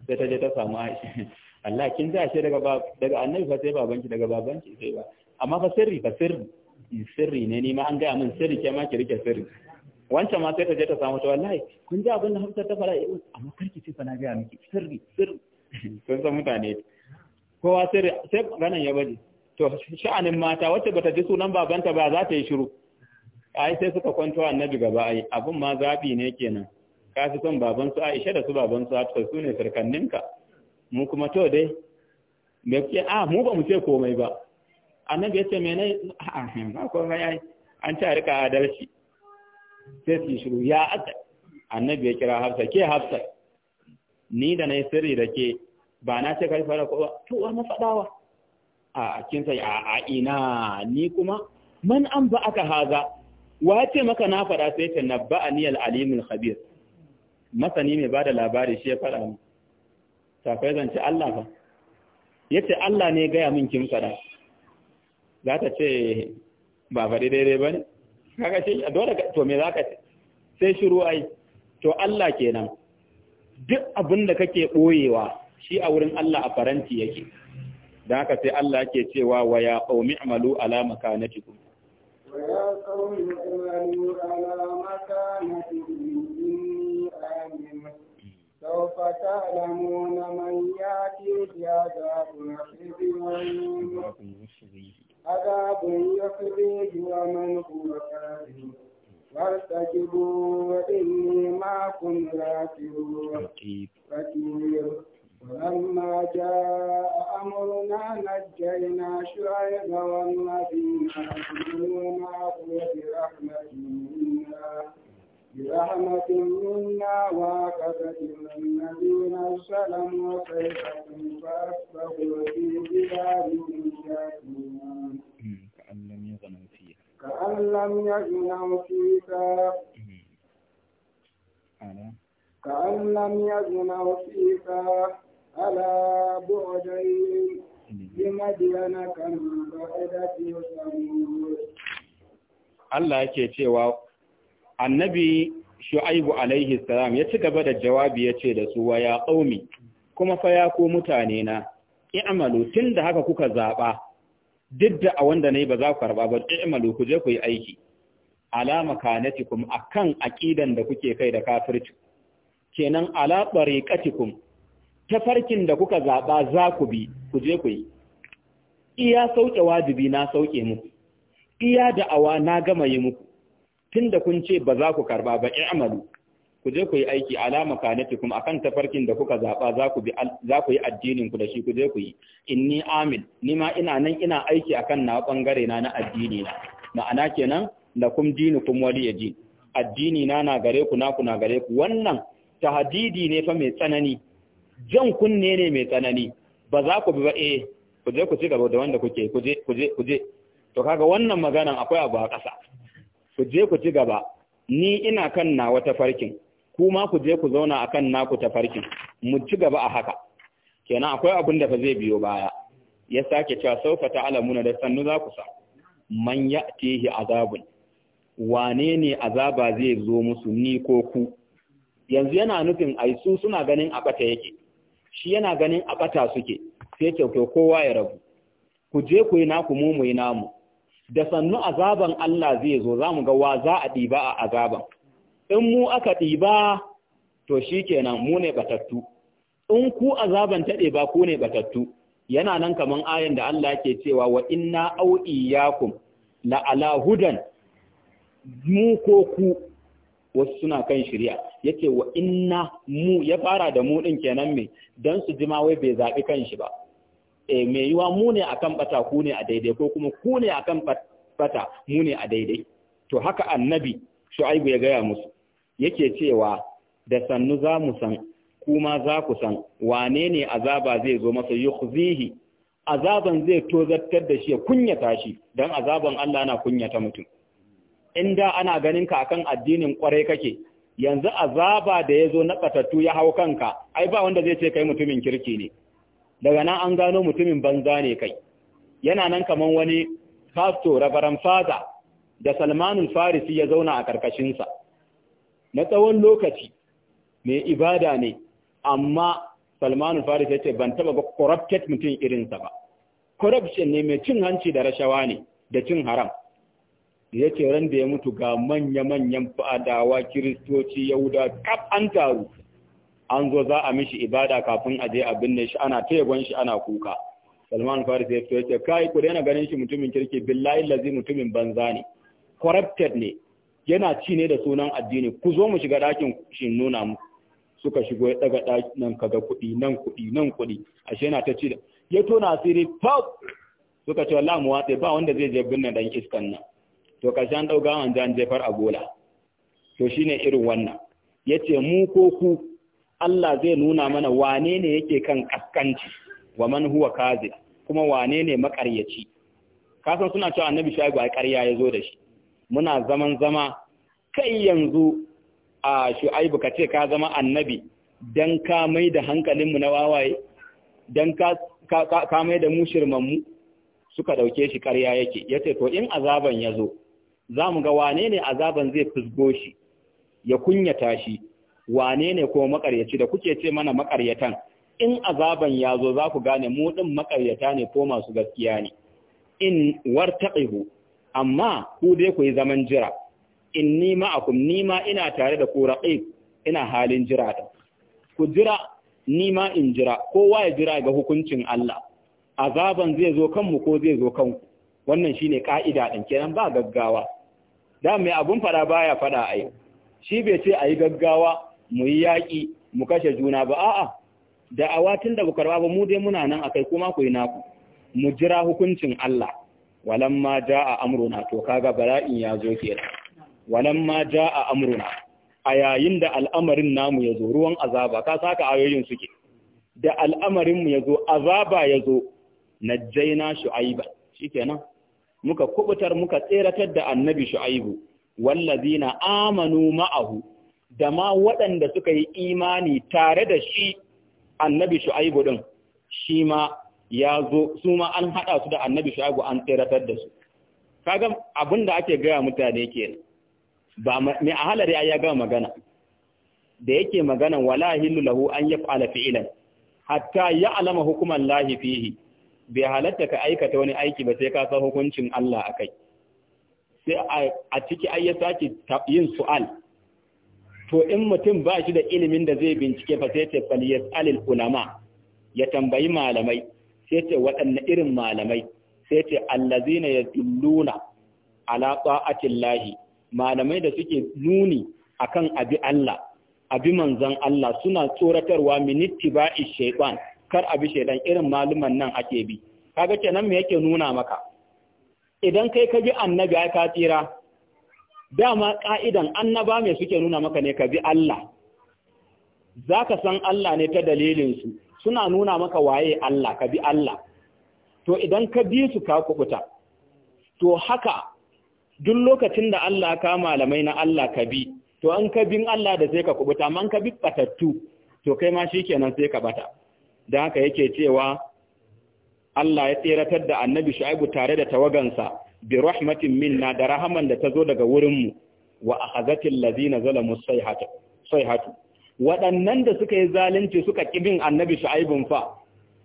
sai ta je ta samu Aisha Allah kin za shi daga daga annabi fa sai babanki daga babanki sai ba amma fa sirri fa sirri mm, sirri ne ni ma an gaya min sirri ke ma ki rike sirri wancan ma sai ta je ta samu ta wallahi kun ji abin da Hafsa ta fara eh, amma karki ce fa na gaya miki sirri sirri Sun san mutane kowa sirri sai ganan ya bari to sha'anin mata wacce bata ji sunan babanta ba za ta yi shiru ai sai suka kwanto annabi gaba ai abun ma zabi ne kenan ka fi son baban su Aisha da su baban su Hafsa su ne sarkanninka mu kuma to dai me kuke a mu ba mu ce komai ba annabi ya ce me ne a ba komai ai an ta rika adalci sai su shiru ya aka annabi ya kira Hafsa ke Hafsa ni da nayi sirri da ke ba na ce kai fara ko ba to wa mafadawa a kin sai a ina ni kuma man an ba aka haza wa ce maka na fada sai ta nabba aniyal alimul khabir masani mai bada labari shi ya faɗa mu tafai zance Allah ba yace Allah ne gaya min kin faɗa za ta ce ba faɗi daidai ba ne kaga ce dole to me za ka ce sai shiru ai to Allah kenan duk abin da kake ɓoyewa shi a wurin Allah a faranti yake da haka sai Allah ke cewa wa ya qaumi amalu ala makanatikum wa ya qaumi amalu ala makanatikum فسوف تعلمون من يأتيه عذاب يخزيه عذاب يخزيه ومن هو كاذب فارتجبوا إني معكم راكبون فكير فلما جاء أمرنا نجينا شعيب والذين آمنوا معه برحمة منا برحمة منا وعقبة الذين ظلموا وسيفهم فأصبحوا في بلادهم جاثمين كأن لم يغنوا فيها كأن لم يغنوا فيها كأن لم يغنوا فيها ألا بعدين لمدين كما بعدت ثمود Allah yake cewa annabi shu'aibu alaihi salam ya ci gaba da jawabi ya ce da su wa ya qaumi kuma fa ya ko mutane na i'malu da haka kuka zaɓa. duk da a wanda nayi ba za ku karba ba i'malu ku je ku yi aiki ala makanatikum akan aqidan da kuke kai da kafirci kenan ala tariqatikum farkin da kuka zaba za ku bi ku je ku yi iya sauke wajibi na sauke muku iya da'awa na gama yi muku da kun ce ba za ku karba ba i'malu ku je ku yi aiki alama kuma akan tafarkin da kuka zaba za ku bi za ku yi addinin ku da shi ku je ku yi inni amil ni ma ina nan ina aiki akan na bangare na na addini na ma'ana kenan lakum dinukum waliya din addini na na gare ku na ku na gare ku wannan tahdidi ne fa mai tsanani jan kunne ne mai tsanani ba za ku bi ba eh ku je ku ci gaba da wanda kuke ku je ku je ku je to kaga wannan maganan akwai abu a ƙasa ku je ku ci gaba ni ina kan nawa tafarkin kuma ku je ku zauna akan naku farkin. mu ci gaba a haka kenan akwai abin da fa zai biyo baya ya sake cewa ta alamuna da sannu za ku sa man tehi azabun wane ne azaba zai zo musu ni ko ku yanzu yana nufin ai su suna ganin a bata yake shi yana ganin a bata suke sai kyaukyau kowa ya rabu ku je ku yi naku mu mu yi namu da sannu azaban Allah zai zo za mu ga wa za a ɗiba a azaban in mu aka ɗiba to shi kenan mu ne batattu in ku azaban ta ɗiba ku ne batattu yana nan kamar ayan da Allah ke cewa wa inna au ya la ala hudan mu ko ku wasu suna kan shirya yace wa inna mu ya fara da mu ɗin kenan mai, don su jima wai bai zaɓi kan shi ba eh mai yiwa mu ne akan bata ku ne a daidai ko kuma ku ne akan bata mu ne a daidai to haka annabi shu'aibu ya gaya musu yake cewa da sannu za mu san kuma za ku san wane ne azaba zai zo masa yukhzihi azaban zai tozartar da shi ya kunyata shi don azaban Allah na kunyata mutum in da ana ganin ka akan addinin kwarai kake yanzu azaba da ya zo na batattu ya hau kanka ai ba wanda zai ce kai mutumin kirki ne daga nan an gano mutumin banza ne kai yana nan kaman wani fasto rabaran faza da salmanul farisi ya zauna a ƙarƙashinsa na tsawon lokaci mai ibada ne amma salmanul farisi ya ce ban taɓa ba corrupted mutum irinsa ba corruption ne mai cin hanci da rashawa ne da cin haram ya ce ran da ya mutu ga manya-manyan fadawa kiristoci yahuda kaf an taru an zo za a mishi ibada kafin a je a binne shi ana tebon shi ana kuka Salman Faris ya fito ce kai ku daina ganin shi mutumin kirki billahi lazi mutumin banza ne corrupted ne yana ci ne da sunan addini ku zo mu shiga dakin shi nuna mu suka shigo ya daga dakin kaga kuɗi nan kuɗi nan kuɗi ashe yana ta ci da ya tona asiri pop suka ce wallahi mu watsa ba wanda zai je binne dan iskan nan to an dauka an jan jefar a gola to shine irin wannan yace mu ko ku Allah zai nuna mana wane ne yake kan kaskanci wa man huwa kazi kuma wane ne makaryaci kasan suna cewa annabi shaibu a ƙarya ya zo da shi muna zaman zama kai yanzu a shu'aibu ka ce ka zama annabi dan ka mai da hankalinmu na wawaye dan ka ka mai da mu suka dauke shi ƙarya yake yace to in azaban ya zo za ga wane ne azaban zai fusgo shi ya kunyata shi wane ne ko makaryaci da kuke ce mana makaryatan in azaban ya zo za ku gane mu ɗin makaryata ne ko masu gaskiya ne in wartaqihu amma ku dai ku yi zaman jira inni ni nima ina tare da ku ina halin jira ta ku jira nima in jira kowa ya jira ga hukuncin Allah azaban zai zo kanmu ko zai zo kanku wannan shine ka'ida din kenan ba gaggawa da mai abun fada baya fada a yau shi bai ce ayi gaggawa mu yi yaƙi mu kashe juna ba a'a da awa tun da bukarwa ba mu dai muna nan a kai kuma ku yi naku mu jira hukuncin Allah Walan ma ja a amruna to kaga bala'in ya zo ma ja a amruna a yayin da al'amarin namu ya zo ruwan azaba ka saka ayoyin suke da al'amarin mu ya zo azaba ya zo najjaina shu'aiba shikenan muka kubutar muka tseratar da annabi shu'aibu wallazina amanu ma'ahu da ma waɗanda suka yi imani tare da shi annabi shu'aibu din shi ma ya zo su ma an haɗa su da annabi shu'aibu an tseratar da su kaga abin da ake gaya mutane ke ba mai a halar ya gama magana da yake magana wala hillu lahu an fa'ala fi'lan hatta alama hukuman lahi fihi bai halatta ka aikata wani aiki ba sai ka san hukuncin Allah akai sai a ciki ayyasa ya yin su'al to in mutum ba shi da ilimin da zai bincike fa sai ce faliyas alil ulama ya tambayi malamai sai ce waɗanne irin malamai sai ce allazina yadulluna ala ta'atillahi malamai da suke nuni akan abi Allah abi manzan Allah suna tsoratarwa min ittiba'i shaytan kar abi shaytan irin maluman nan ake bi kaga kenan me yake nuna maka idan kai ka bi annabi ai ka tsira dama ƙa'idan annaba mai suke nuna maka ne ka bi Allah Za ka san Allah ne ta dalilinsu suna nuna maka waye Allah ka bi Allah to idan ka bi su ka kukuta, to haka duk lokacin da Allah ka malamai na Allah ka bi to an ka bin Allah da sai ka kubuta man ka bi batattu to kai ma shi shikenan sai ka bata da haka yake cewa Allah ya tseratar da annabi shaibu tare da tawagansa bi rahmatin minna da rahaman da ta zo daga wurinmu wa akhazatil ladina zalamu sayhatu waɗannan da suka yi zalunci suka kibin annabi shu'aibun fa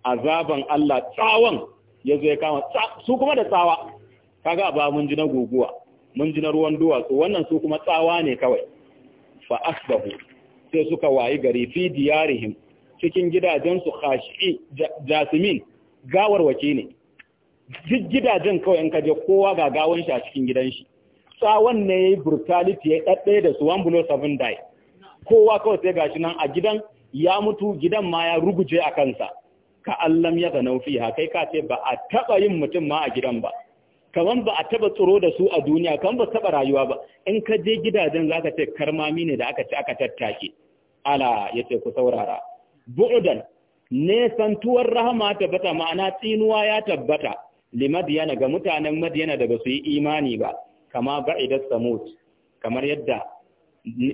azaban Allah tsawon yazo ya kama su kuma da tsawa kaga ba mun ji na guguwa mun ji na ruwan duwatsu wannan su kuma tsawa ne kawai fa asbahu sai suka wayi gari fi diyarihim cikin gidajensu khashi jasmin gawarwaki ne duk gidajen kawai in ka je kowa ga gawon shi a cikin gidan shi tsawon ne ya yi brutality ya ɗaɗɗaya da su one below seven die kowa kawai sai gashi nan a gidan ya mutu gidan ma ya ruguje a kansa ka allam ya ga naufi ha kai ka ce ba a taɓa yin mutum ma a gidan ba kaman ba a taba tsoro da su a duniya kaman ba taba rayuwa ba in ka je gidajen zaka ka ce karmami ne da aka ci aka tattake ala ya ce ku saurara bu'udan nesantuwar rahama tabbata ma'ana tsinuwa ya tabbata limadiyana ga mutanen madiyana da basu yi imani ba kama ba'idat samud kamar yadda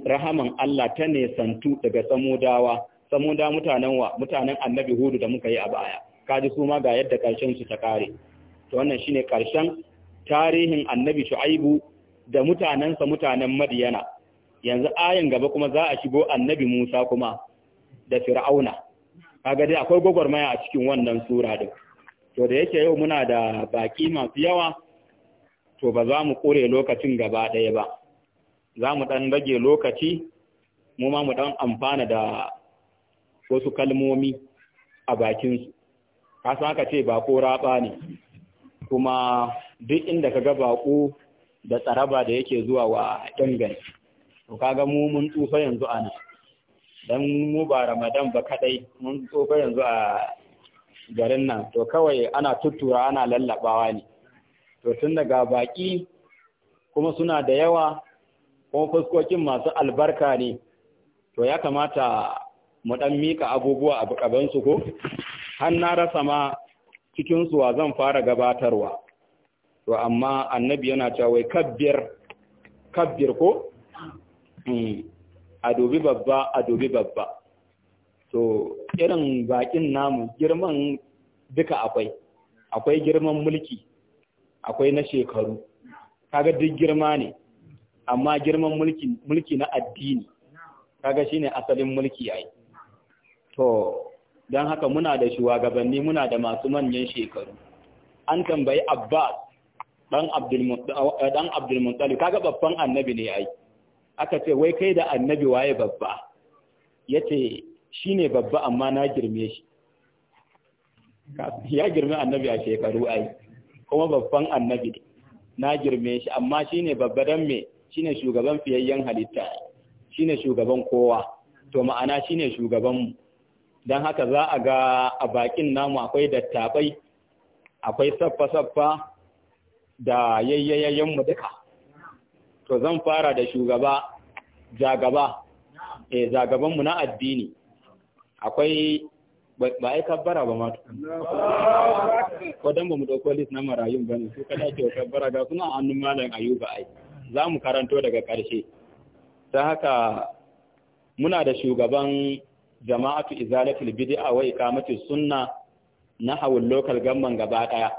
rahaman Allah ta nesantu daga samudawa samuda mutanen wa mutanen annabi hudu da muka yi a baya kaji su ma ga yadda karshen su ta kare to wannan shine karshen tarihin annabi shu'aibu da mutanensa mutanen madiyana yanzu ayin gaba kuma za a shigo annabi musa kuma da fir'auna kaga dai akwai gwagwarmaya a cikin wannan sura din to da yake yau muna da baki masu yawa to ba za mu kure lokacin gaba ɗaya ba za mu ɗan rage lokaci mu ma mu ɗan amfana da wasu kalmomi a bakinsu kasan aka ce bako raɓa ne kuma duk inda ka ga baƙo da tsaraba da yake zuwa wa ɗan gani, to kaga mu mun tsufa yanzu ana dan mu ba ramadan ba kaɗai, mun tsofa yanzu a garin nan to kawai ana tuttura ana lallabawa ne to tun daga baki kuma suna da yawa kuma fuskokin masu albarka ne to ya kamata mu dan mika abubuwa a su ko har na rasa ma cikin su wa zan fara gabatarwa to amma annabi yana cewa wai kabbir kabbir ko hmm. a dubi babba a dubi babba to irin bakin namu girman duka akwai akwai girman mulki akwai na shekaru kaga duk girma ne amma girman mulki mulki na addini kaga shine asalin mulki ai to don haka muna da shugabanni muna da masu manyan shekaru an tambayi Abbas dan Abdul Muttalib kaga babban annabi ne ai aka ce wai kai da annabi waye babba yace shi ne babba amma na girme shi ya girme annabi a shekaru ai kuma babban annabi na girme shi amma shi ne babba don me shi ne shugaban fiyayyen halitta shi ne shugaban kowa to ma'ana shi ne shugabanmu don haka za a ga a bakin namu akwai dattabai akwai saffa-saffa da yayyayyenmu duka to zan fara da shugaba zagaba. eh zagabanmu na addini akwai ba ai kabbara ba ma ko dan ba mu dauko list na marayun ba ne su kada ke kabbara ga kuma annun malam ayuba ai za mu karanto daga ƙarshe ta haka muna da shugaban jama'atu izalatul bid'a wa iqamatus sunna na hawul local gamman gaba daya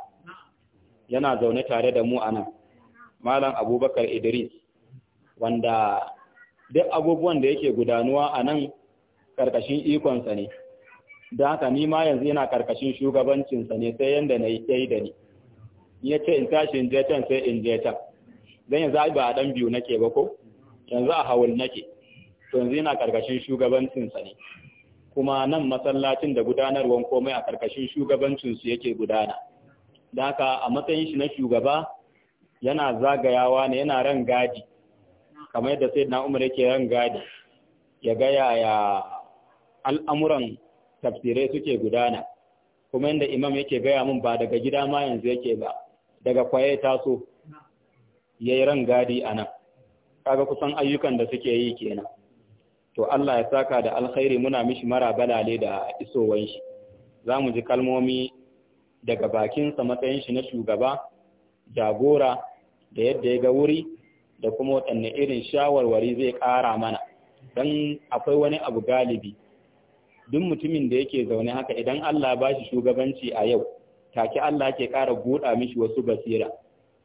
yana zaune tare da mu anan malam abubakar idris wanda duk abubuwan da yake gudanuwa anan karkashin ikonsa ne don haka ni ma yanzu yana karkashin shugabancinsa ne sai yadda na yi da ni ya ce in tashi in je can sai in je can Zan yanzu ba a ɗan biyu nake ba ko yanzu a hawul nake to yanzu yana karkashin shugabancinsa ne kuma nan masallacin da gudanarwan komai a karkashin shugabancinsu yake gudana don haka a matsayin shi na shugaba yana zagayawa ne yana ran gadi kamar yadda sai na umar yake ran gadi ya ga yaya al'amuran tafsirai suke gudana kuma inda imam yake gaya mun ba daga gida ma yanzu yake ba daga kwaye taso ya yi ran gadi a nan kaga kusan ayyukan da suke yi kenan to Allah ya saka da alkhairi muna mishi mara balale da isowan shi za mu ji kalmomi daga bakinsa matsayin shi na shugaba jagora da yadda ya ga wuri da kuma waɗanne irin shawarwari zai ƙara mana don akwai wani abu galibi duk mutumin da yake zaune haka idan Allah ba shi shugabanci a yau take Allah ke ƙara buɗa mishi wasu basira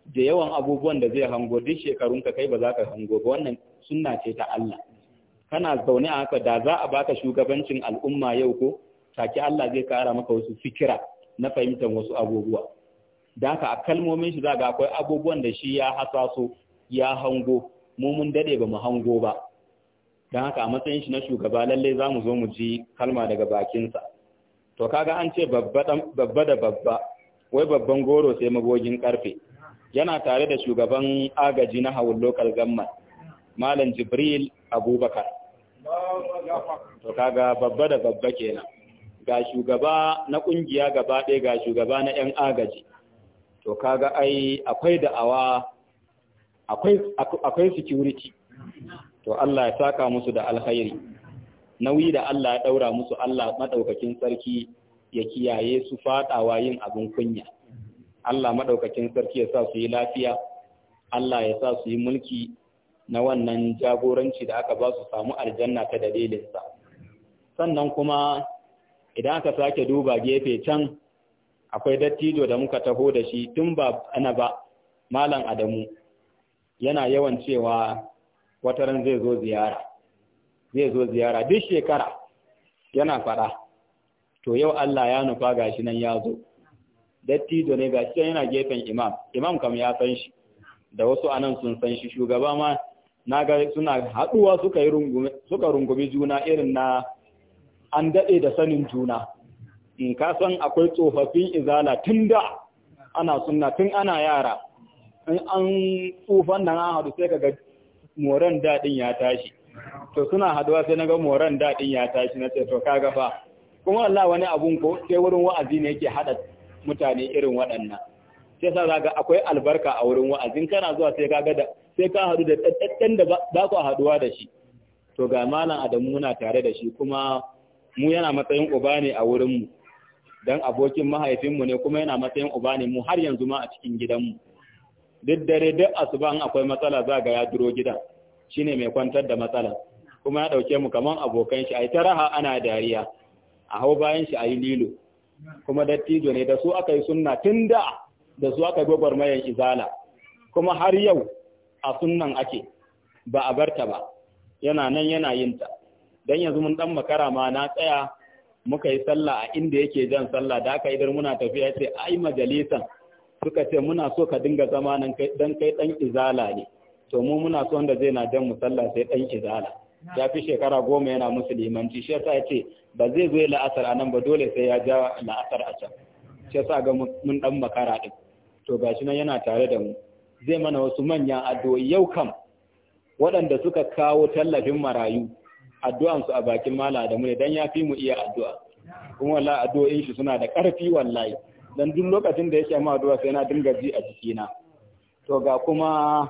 da yawan abubuwan da zai hango duk shekarun ka kai ba za ka hango ba wannan suna ce ta Allah kana zaune a haka da za a baka shugabancin al'umma yau ko take Allah zai ƙara maka wasu fikira na fahimtar wasu abubuwa da haka a kalmomin shi za ga akwai abubuwan da shi ya hasaso ya hango mu mun dade ba mu hango ba dan haka a matsayin shi na shugaba lallai za mu zo mu ji kalma daga bakinsa to kaga an ce babba da babba wai babban goro sai magogin karfe yana tare da shugaban agaji na hawan local government malam jibril abubakar to kaga babba da babba kenan ga shugaba na kungiya gaba ɗaya ga shugaba na 'yan agaji to kaga ai akwai da'awa akwai security to Allah ya saka musu da alkhairi nauyi da Allah ya daura musu Allah madaukakin sarki ya kiyaye su fadawa yin abin kunya Allah madaukakin sarki ya sa su yi lafiya Allah ya sa su yi mulki na wannan jagoranci da aka ba su samu aljanna ta dalilinsa sannan kuma idan aka sake duba gefe can akwai dattijo da muka taho da shi tun ba ana ba malam adamu yana yawan cewa wata zai zo ziyara zai zo ziyara duk shekara yana fada to yau Allah ya nufa gashi nan ya zo dattijo ne gashi nan yana gefen imam imam kam ya san shi da wasu anan sun san shi shugaba ma na ga suna haduwa suka yi rungume suka rungume juna irin na an dade da sanin juna in ka san akwai tsofaffin izala tun da ana sunna tun ana yara in an tsufan nan an hadu sai ka ga. moran daɗin ya tashi to suna haɗuwa sai na ga moran daɗin ya tashi na ce to kaga fa kuma Allah wani abun ko sai wurin wa'azi ne yake haɗa mutane irin waɗannan sai sa zaga akwai albarka a wurin wa'azin kana zuwa sai kaga da sai ka hadu da da ba ku haɗuwa da shi to ga malam Adamu muna tare da shi kuma mu yana matsayin uba ne a wurin mu dan abokin mahaifinmu ne kuma yana matsayin uba ne mu har yanzu ma a cikin gidanmu duk dare duk asuba in akwai matsala za ga ya duro gidan shine mai kwantar da matsala kuma ya ɗauke mu kamar abokan shi ai ta raha ana dariya a hau bayan shi ayi lilo kuma dattijo ne da su aka yi sunna tun da da su aka gwagwarmayar izala kuma har yau a sunnan ake ba a barta ba yana nan yana yinta don yanzu mun dan makara ma na tsaya muka yi sallah a inda yake jan sallah da aka idan muna tafiya sai ai majalisan suka ce muna so ka dinga zama nan kai dan kai dan izala ne to mu muna so wanda zai na dan musalla sai ɗan izala ya fi shekara goma yana musulmanci shi yasa ya ce ba zai zo la'asar a nan ba dole sai ya ja la'asar a can shi yasa ga mun dan makara din to gashi nan yana tare da mu zai mana wasu manyan addu'o'i yau kam waɗanda suka kawo tallafin marayu addu'ansu a bakin mala da mu ne dan ya fi mu iya addu'a kuma wallahi addu'o'in shi suna da ƙarfi wallahi dan duk lokacin da yake ma addu'a sai na dinga ji a jikina to ga kuma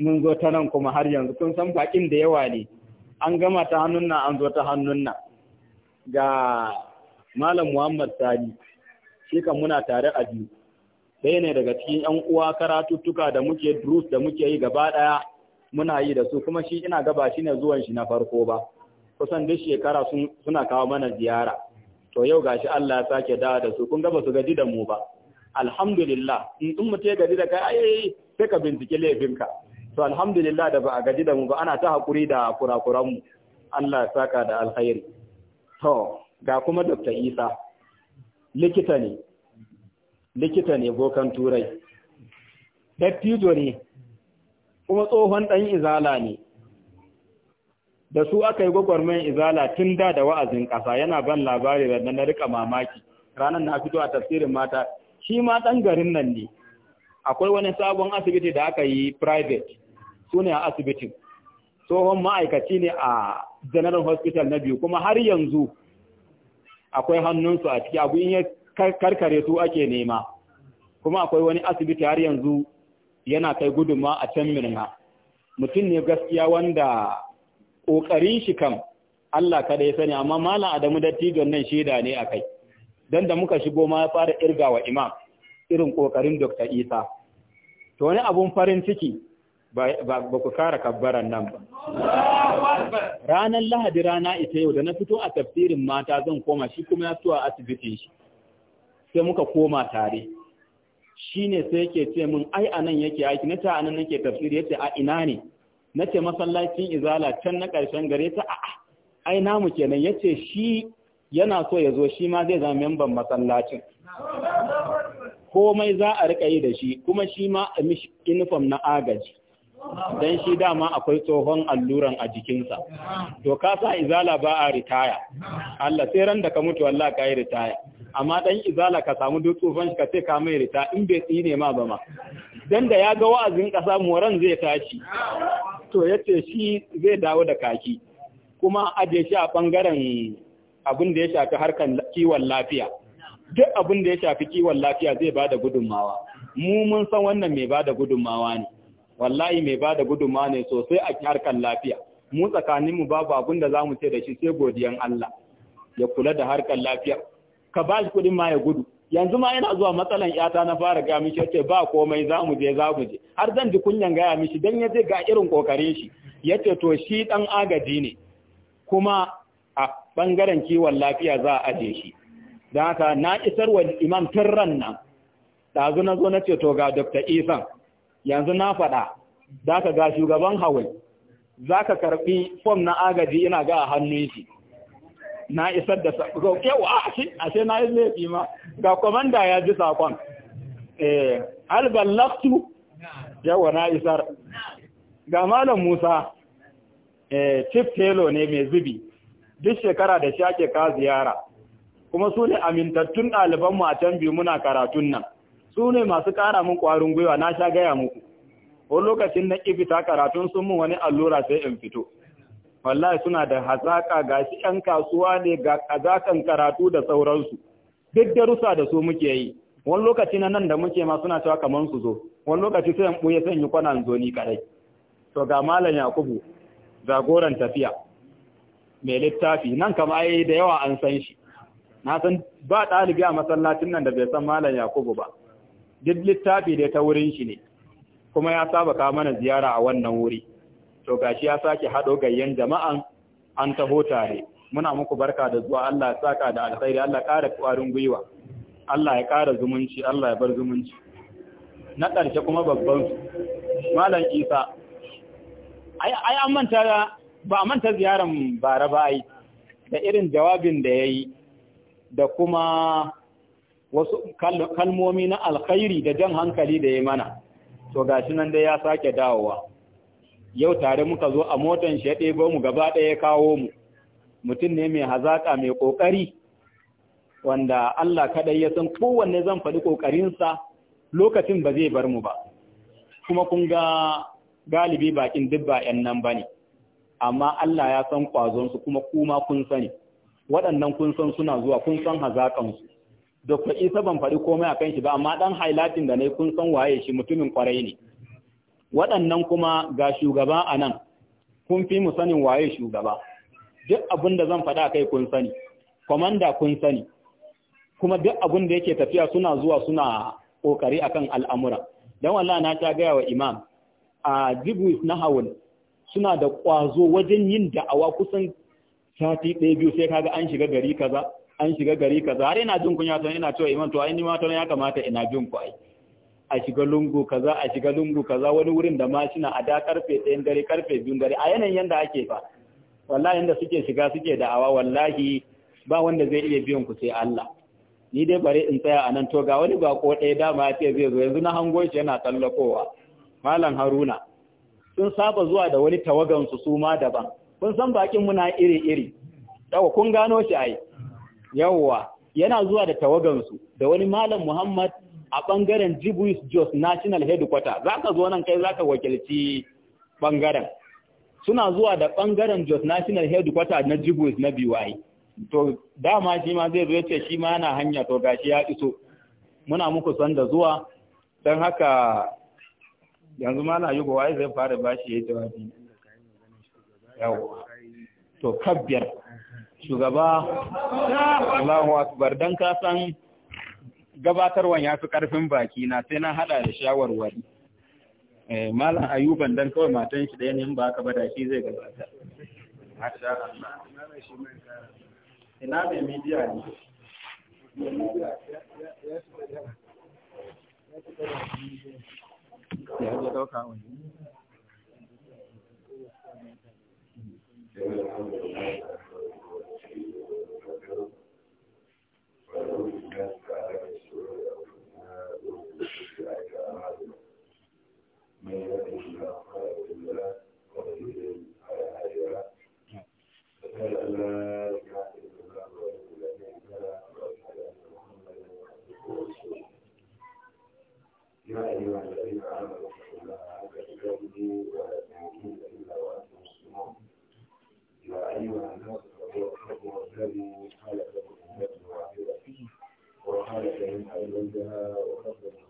mun zo ta nan kuma har yanzu kun san bakin da yawa ne an gama ta hannun nan an zo ta hannun nan ga malam Muhammad Sani shi kan muna tare a biyu Sai ne daga cikin 'yan uwa karatuttuka da muke drus da muke yi gaba ɗaya muna yi da su kuma shi ina gaba shi ne zuwan shi na farko ba kusan duk shekara suna kawo mana ziyara to yau gashi Allah ya sake dawa da su kun ga su gaji da mu ba alhamdulillah in mutum ya gaji da kai ai sai ka bincike laifinka to alhamdulillah da ba a gaji da mu ba ana ta hakuri da kurakuran mu Allah ya saka da alkhairi to ga kuma Dr. Isa likita ne likita ne bokan turai dattijo ne kuma tsohon dan izala ne da su aka yi gwagwarmayin izala tun da da wa'azin ƙasa yana ban labari da na rika mamaki ranar na fito a tasirin mata shi ma ɗan garin nan ne akwai wani sabon asibiti da aka yi private su ne a asibitin tsohon ma'aikaci ne a general hospital na biyu kuma har yanzu akwai hannunsu a ciki abu in ya karkare su ake nema kuma akwai wani asibiti har yanzu yana kai gudunma a can mirna mutum ne gaskiya wanda ƙoƙarin shi kam Allah kada ya sani amma malam Adamu dattijon nan shaida ne a kai dan da muka shigo ma ya fara wa imam irin ƙoƙarin Dr. Isa to wani abun farin ciki ba ku kara kabbaran nan ba. Ranar Lahadi rana ita yau da na fito a tafsirin mata zan koma shi kuma ya fito a asibitin shi, sai muka koma tare. Shi ne sai yake ce min ai a yake aiki, na ta a nan nake tafsiri yace a ina ne, nace masallacin izala can na ƙarshen gare ta a'a ai namu kenan yace shi yana so ya zo shi ma zai zama memban masallacin komai za a rika yi da shi kuma shi ma a mishi uniform na agaji don shi dama akwai tsohon alluran a jikinsa to ka sa izala ba a ritaya Allah sai ran da ka mutu walla ka yi ritaya amma dan izala ka samu duk tsufan shi ka ce ka mai rita in bai tsine ma ba ma dan da ya ga wa'azin kasa moran zai tashi to yace shi zai dawo da kaki kuma aje shi a bangaren abin da ya shafi harkan kiwon lafiya duk abin da ya shafi kiwon lafiya zai bada gudunmawa mu mun san wannan mai bada gudunmawa ne wallahi mai bada gudunmawa ne sosai a harkan lafiya mu tsakaninmu babu abin da za mu ce da shi sai godiyan Allah ya kula da harkar lafiya ka ba shi kuɗin ma ya gudu yanzu ma yana zuwa matsalan yata na fara gaya mishi yace ba komai za mu je za mu je har zan ji kunyan gaya mishi dan ya je ga irin kokarin shi yace to shi dan agaji ne kuma a bangaren kiwon lafiya za a aje shi dan haka na isar wa imam tirran nan dazu na zo na ce to ga Dr. Isan yanzu na faɗa zaka ga shugaban Hawai zaka karɓi fom na agaji ina ga a hannun shi na isar da sako wa ashe ashe na yi laifi ma ga kwamanda ya ji sakon eh yawa na isar ga malam Musa eh chief tailor ne mai zubi duk shekara da shi ake ka ziyara kuma su ne amintattun ɗaliban matan biyu muna karatun nan su ne masu ƙara min ƙwarin gwiwa na sha gaya muku wani lokacin na ƙifi ta karatun sun mun wani allura sai in fito wallahi suna da hazaka ga shi ‘yan kasuwa ne ga kazakan karatu da sauransu, duk da rusa da su muke yi, wani lokaci na nan da muke ma suna cewa kamar su zo, wani lokaci sai ɓuya ya yi kwanan zo kadai. To ga Malam Yakubu, zagoran tafiya, mai littafi, nan kama ai da yawa an san shi, na san ba ɗalibi a masallacin nan da bai san Malam Yakubu ba, duk littafi dai ta wurin shi ne, kuma ya saba kawo mana ziyara a wannan wuri. to gashi ya sake haɗo gayyen jama'an an taho tare muna muku barka da zuwa Allah ya saka da alkhairi Allah ƙara ƙwarin gwiwa Allah ya ƙara zumunci Allah ya bar zumunci na ƙarshe kuma babban malam Isa ai an manta ba a manta ziyaran bara ba ai da irin jawabin da yayi da kuma wasu kalmomi na alkhairi da jan hankali da ya mana to gashi nan dai ya sake dawowa yau tare muka zo a motan shi ya ɗebo mu gaba ɗaya ya kawo mu mutum ne mai hazaƙa mai ƙoƙari wanda Allah kaɗai ya san kowanne zan faɗi ƙoƙarinsa lokacin ba zai bar mu ba kuma kun ga galibi bakin dubba ‘yan nan ba ne amma Allah ya san ƙwazonsu kuma kuma kun sani waɗannan kun san suna zuwa kun san hazaƙansu Dokta Isa ban faɗi komai a kan shi ba, amma ɗan hailatin da na kun san waye shi mutumin ƙwarai ne. waɗannan kuma ga shugaba a nan kun fi mu sanin waye shugaba duk abin da zan faɗa kai kun sani kwamanda kun sani kuma duk abin da yake tafiya suna zuwa suna ƙoƙari akan al'amura don wallah na ta gaya wa imam a jibus na hawul suna da ƙwazo wajen yin da'awa kusan sati ɗaya biyu sai kaga an shiga gari kaza an shiga gari kaza har ina jin kunya tun ina cewa imam to ai ni ma ya kamata ina jin ku a shiga lungu kaza a shiga lungu kaza wani wurin da mashina a da karfe ɗayan dare karfe biyun dare a yanayin yanda ake ba wallahi yanda suke shiga suke da'awa wallahi ba wanda zai iya biyan ku sai Allah ni dai bare in tsaya a nan to ga wani bako ɗaya dama ya ce zai zo yanzu na hango shi yana tallakowa malam haruna sun saba zuwa da wani tawagansu su ma daban kun san bakin muna iri-iri yawa kun gano shi ai yawwa yana zuwa da su da wani malam muhammad a ɓangaren Jibuis Jos National Headquarter, za ka zo nan kai za ka wakilci ɓangaren. Suna zuwa da ɓangaren Jos National Headquarter na Jibuis na BY. To, dama shi ma zai zo ce shi ma yana hanya to gashi ya iso. Muna muku son da zuwa, don haka yanzu ma na yi gowa zai fara bashi ya jawabi. Yawwa. To, kabbiyar. Shugaba, Allahu Akbar, don ka san gabatarwan ya fi ƙarfin baki na sai na haɗa da shawarwari. Eh, Malam Ayuban dan kawai matan shi ɗaya ne in ba ka ba da shi zai gabata. Ina mai midiya ne. Ya ɗauka wani. Thank you. أولئك أعادوا أن الله وحده يا أيها الذين آمنوا اتقوا الله حق ولا تموتن إلا وأنتم مسلمون يا أيها الناس اتقوا ربكم الذي خلقكم من نفس واحدة وخلق منها زوجها وخلق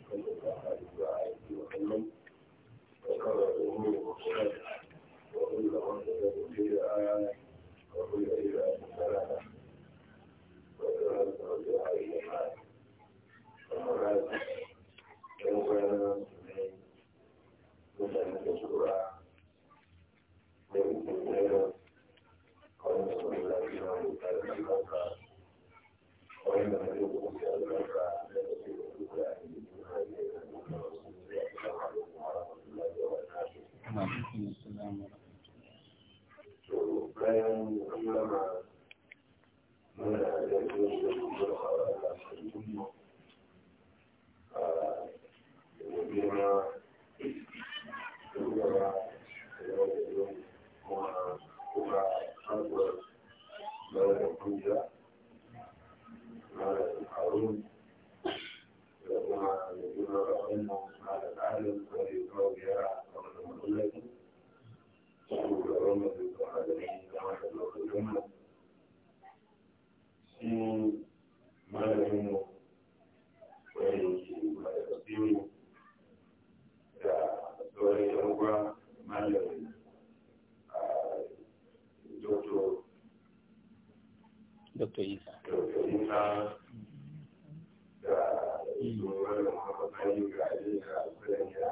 工作大概有个十分钟，我看到我们公司，我们老板在那边安安的，我们在这里在等他，我们老板在那边在等我们，我们这边准备，准备结束啦，等一会儿，我们这边来，我们这边来，我们这边来。malamin mu wani yake da biyu da malamin Dr. Dr. Isa. Dr. Isa da tsoron mahaifani ga ajiyar kudin ya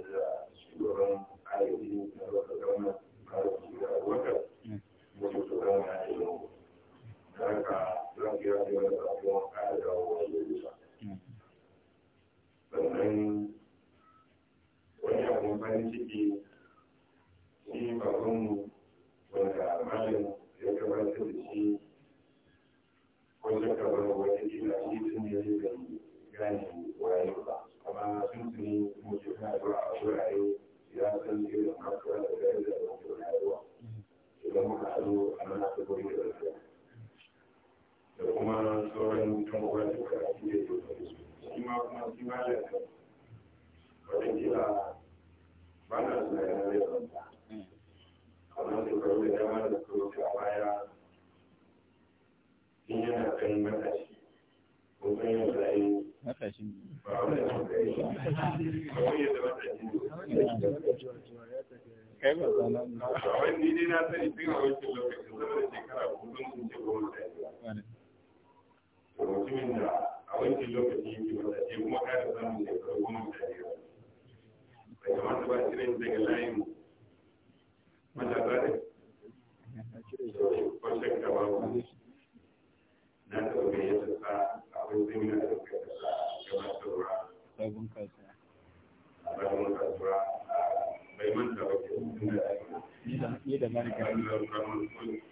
mutumin da a wancan lokaci yake wata ce kuma kada samun shekaru goma sha biyar bai kamata ba cire shi daga layin matasa ne ko shakka ba ba na taɓa gayyata sa a wani zamina da suka kasa gabatarwa sabon kasuwa sabon kasuwa bai manta ba ke da marigayi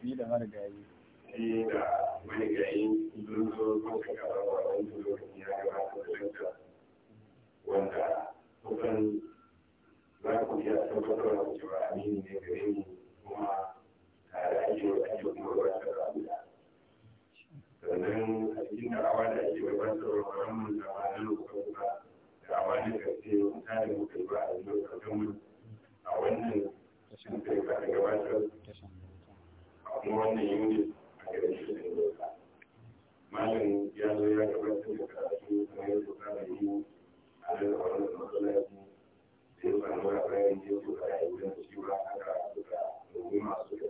ni da marigayi sai da wani gayi a wani lokaci ne cikin ka gabatar a kuma wannan malam ya da yi a nan da wannan masallaci sai da ayyukan cewa haka suka domin masu da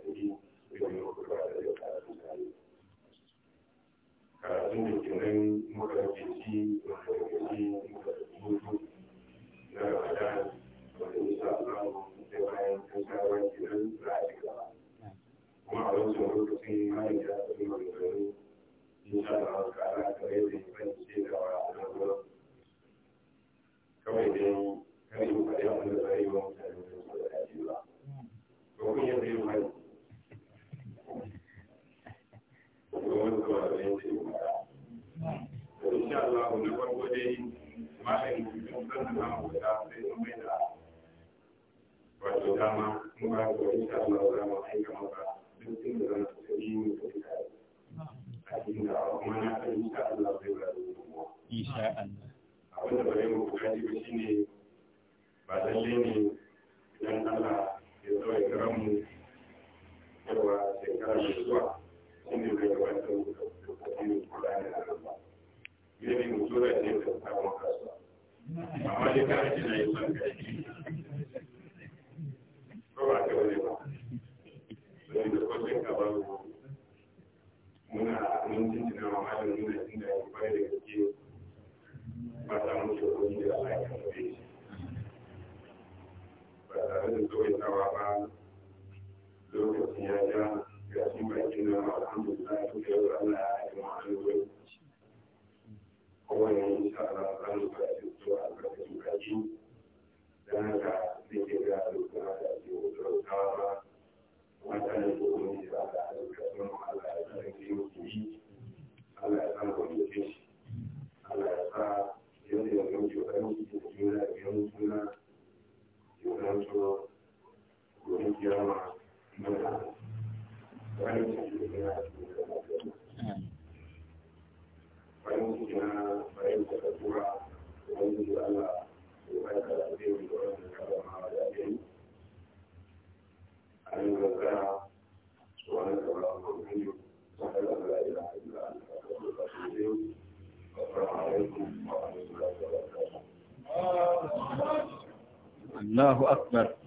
Allahu Akbar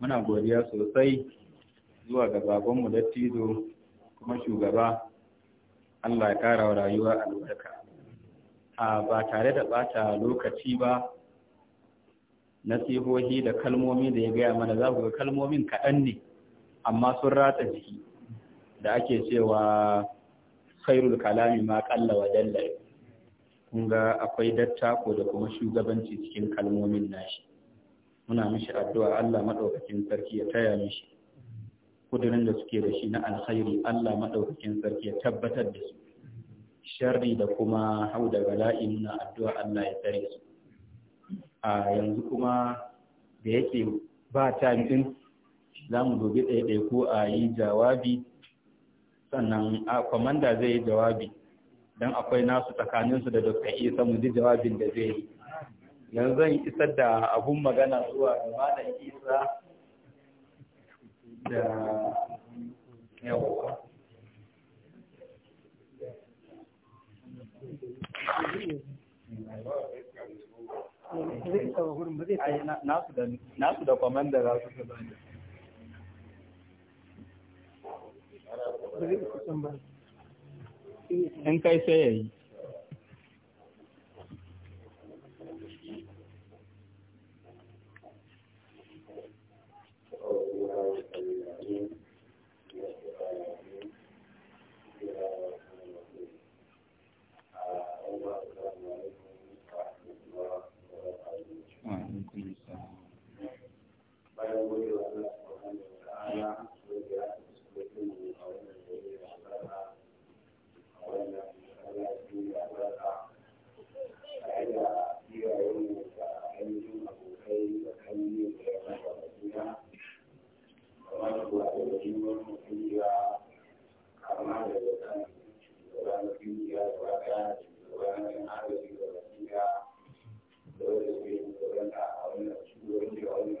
muna godiya sosai zuwa ga babanmu dattizo kuma shugaba Allah ya kara wa rayuwa albarka a ba tare da bata lokaci ba nasihohi da kalmomi da ya gaya mana za ku ga kalmomin kaɗan ne amma sun ratsa jiki da ake cewa khairul kalami ma ƙalla wa dalla kun ga akwai dattako da kuma shugabanci cikin kalmomin nashi muna mishi addu'a Allah maɗaukakin sarki ya taya mishi kudurin da suke da shi na alkhairi Allah maɗaukakin sarki ya tabbatar da su sharri da kuma hau da bala'i muna addu'a Allah ya tsare su a yanzu kuma da yake ba ɗin za mu dubi ɗaiɗai ko a yi jawabi sannan a kwamanda zai yi jawabi don akwai nasu tsakaninsu da Dr. Isa mu ji jawabin da zai yi yanzu zan isar da abun magana zuwa ga malam isa da yawa nasu da kwamanda za su fi zane in kai sai ya yi ya gode wa Allah subhanahu wa ta'ala wanda a wannan yayi da albarka da albarka tare da iyayen mu da ainihin abokai da kalli da ya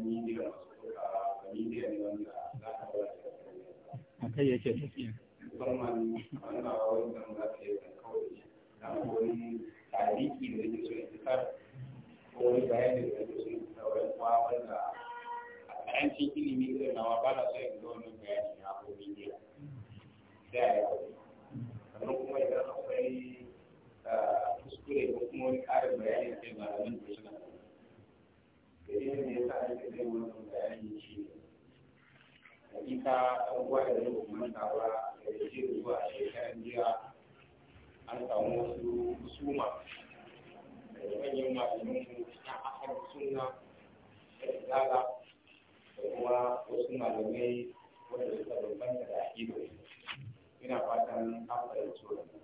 kai yake nufi ƙarancin ilimi irin nawa ba na so in bayani na ne da ya yi sannan kuma idan akwai kuskure ko kuma wani ƙarin bayani a da da da ya sa ake zai wannan bayani shi ne jiya zuwa shekaran jiya an samu wasu suma da manyan malaman mu na asar suna da zala da kuma wasu malamai wanda suka bambanta da ido ina fatan an fahimci wannan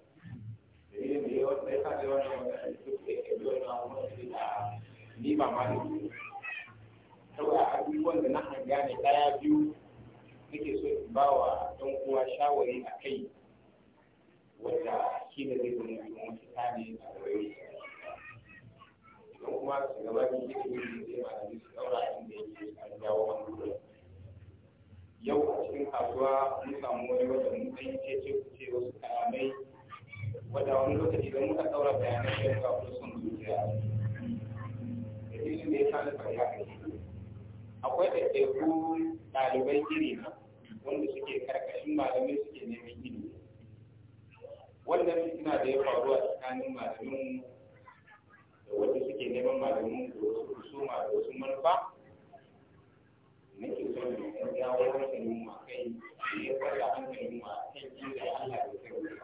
dalilin da yawan da ya sa wannan magana duk da ke biyo na wani da ni ba malami saboda abubuwan da na hanga ne ɗaya biyu nake so in ba wa ɗan uwa shawari a kai wanda da zai zama yi wani fita a gare shi idan kuma su gaba da yake yi zai ma da su ɗaura inda yake an jawo wani gudu yau a cikin kasuwa mun samu wani wanda mun san ce ce ce wasu kalamai wanda wani lokaci idan muka ɗaura bayanai yau ga wasu sun zuciya da shi ne ya sa na fari haka akwai da teku ɗalibai iri na wanda suke karkashin malamai suke neman ilimi wannan fitina da ya faru a tsakanin malamin da wanda suke neman malamin da wasu ma da wasu manufa nake son ya dawo hankalin ma kai ya fara hankalin mu kan inda Allah ya tsare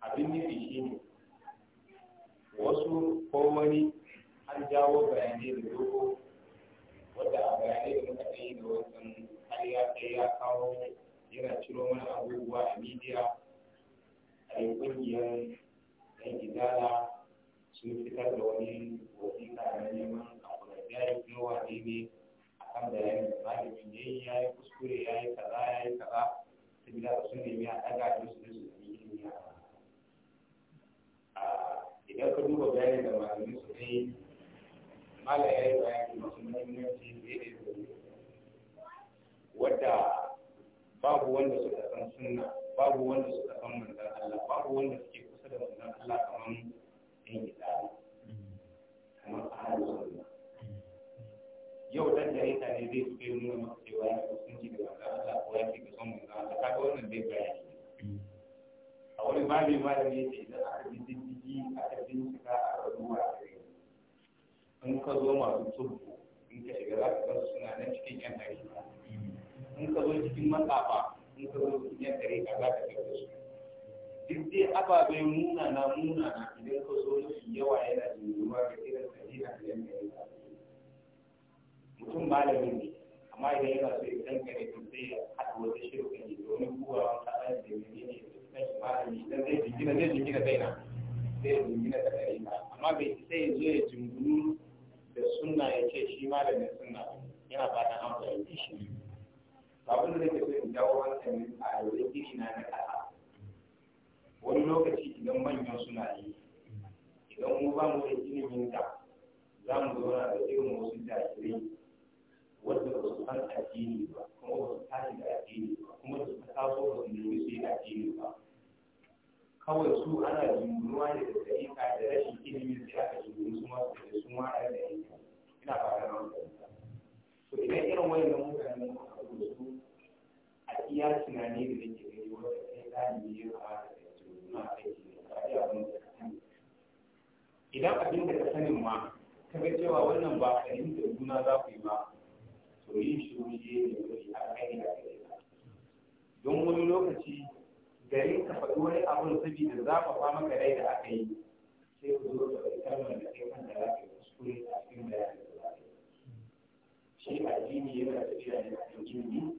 abin nufi shi ne wasu ko wani an jawo bayanai da dogo wadda a bayanai da muka yi da wasan har ya kai ya kawo yana ciro mana abubuwa a midiya a yi ƙungiyar ɗan gidala sun fitar da wani wasiƙa na neman abu da jari yawa ne ne a kan bayanin da malamin ya yi ya yi kuskure ya yi kaza ya yi kaza sabida da sun nemi a ɗaga da su da su da ilimi a idan ka duba bayanin da malamin su ne mala ya yi bayani masu muhimmanci fiye da yadda wadda babu wanda suka san sunna babu wanda suka san manzan Allah babu wanda suke kusa da manzan Allah kamar yan gidari kamar ahalin sunna yau dan jarida ne zai suke nuna maka cewa ya fi sun da manzan Allah ko ya fi ka son manzan Allah kaga wannan bai bayani a wani babi malami ya ce idan aka bi diddigi aka bincika a duba in ka zo masu turbo in ka shiga za ka ga suna nan cikin yan dariƙa in ka zo cikin matsafa in ka zo cikin yan dariƙa za ka ga su duk dai ababe munana na idan ka zo mafi yawa yana da yiwuwa ga irin sabila da yan dariƙa mutum malami ne amma idan yana so ya san kare to sai haɗa wata shirka ne domin kuwa ta ɗan da yi ne da shi malami idan zai jingina zai jingina zai na zai ya jingina da kare amma bai sai ya zo ya da suna ya ce shi malamin suna yana fata an fahimci shi Babu da nake so in jawo hankali a yau iri na na ƙasa wani lokaci idan manyan suna yi idan mu ba mu da ilimin da za mu zauna da irin wasu jajiri wanda ba su san addini ba kuma ba su tashi da addini ba kuma su taso ba su nemi su yi addini ba kawai su ana jimuruwa ne da tsarika da rashin ilimin sai aka jingunu su masu da su ma da yanki ina fara na wanda so idan irin wayannan mutane muka aka da su a iya tunani da ke gani wanda sai yi ya kamata da jingunu na aiki ne ka iya abin da ka sani idan abin da ka sanin ma ka ga cewa wannan ba da juna za ku yi ba to yin shiru shi ne da shi a kai da don wani lokaci garin ka faɗi wani da saboda fama maka rai da aka yi sai ku zo da bai kalmar da kai wanda za ka kuskure a cikin da za da yi shi addini yana tafiya ne a kan ilimi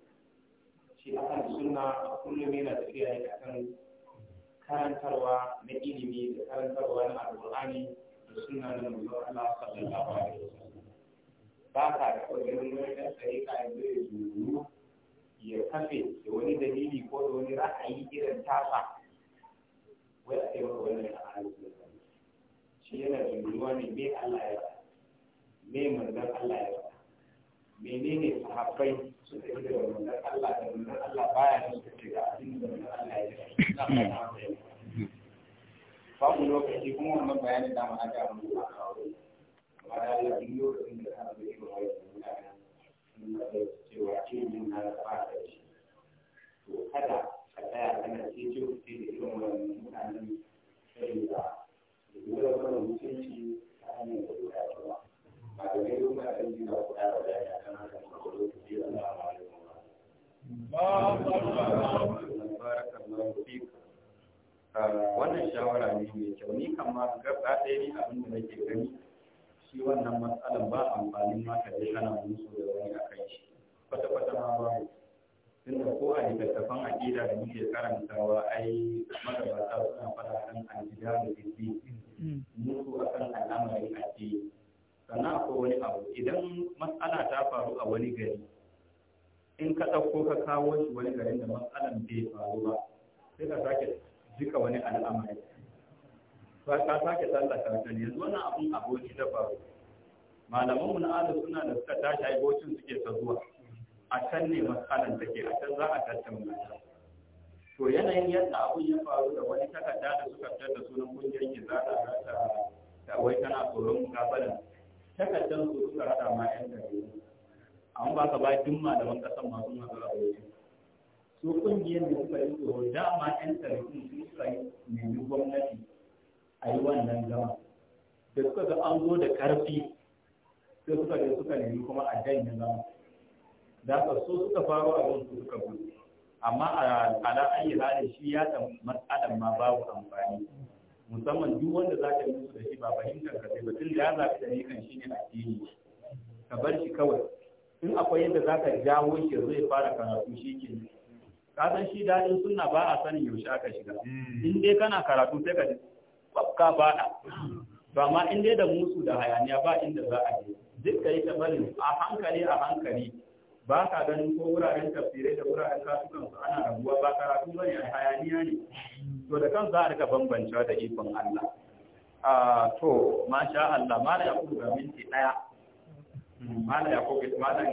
shi akan a kullum yana tafiya ne a kan karantarwa na ilimi da karantarwa na alƙur'ani da suna na zuwa Allah sallallahu alaihi wasallam ba ka da kwanciyar wani ɗan ka yi zai juru ya kafe da wani dalili ko da wani ra'ayi irin tasa wai a taimaka wannan al'adar shi yana tunduwa ne me Allah ya faɗa me manzon Allah ya faɗa menene sahabbai suka yi da manzon Allah da manzon Allah baya da suka ce ga abin da manzon Allah ya faɗa babu lokaci kuma wannan bayanin da mu aka mu ba amma da lokacin da aka yi sun cewa na da shi to kada ka tsaya kana ce ce da irin wannan mutanen dole mutunci ta hanyar da guda ba da ne ɗan guda ba da ya da ma wannan shawara ne mai kyau ni kan ma gaba ɗaya ne abin da nake gani shi wannan matsalan ba amfanin ma ka je kana musu da wani a kai shi kwata kwata ma babu Inda ko a littattafan aƙida da muke karantawa ai magabata suna fara kan aƙida da jirgi mm. musu akan al'amarin ce sannan akwai wani abu idan matsala ta faru a wani gari in ka ɗauko ka kawo shi wani garin da matsalan bai faru ba sai ka sake jika wani al'amari ka sake tsallaka gani yanzu wannan abin aboki da faru malaman mu na alu suna da suka tashi aibocin suke ta zuwa a can ne matsalan take a can za a mata. to yanayin yadda abin ya faru da wani takarda da suka fitar da sunan kungiyar izala za ta da wai tana tsoron mukabalan takardar su suka rada ma yan da an ba ka bayar duk malaman kasan masu masu abokin su kungiyar da suka yi tsoro dama yan tarihin sun suka yi nemi gwamnati a yi wannan zama da suka ga an zo da ƙarfi sai suka ga suka nemi kuma a janye zama da ka so suka faru a wani suka gudu amma a ala ayi hali shi ya ta matsalan ma babu amfani musamman duk wanda za ka yi musu da shi ba fahimtar ka sai ba tun da ya zaɓi da kan shi ne addini ka bar shi kawai in akwai yadda za ka jawo shi zai fara karatu shi ke ka san shi daɗin sunna ba a sanin yaushe aka shiga hmm. in dai kana karatu sai ka ka faɗa to amma in dai da musu da hayaniya ba inda za a je duk da ita a hankali a hankali ba ka ganin ko wuraren tafsirai da wuraren kasukan su ana rabuwa ba karatu ne a hayaniya ne to da kan za a rika bambanta da ikon Allah a to masha Allah mala yakubu ga minti daya hmm, mala yakubu mala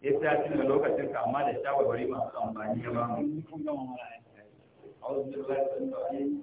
ya ta cin cikin lokacin ka amma da shawarwari masu amfani ya ba mu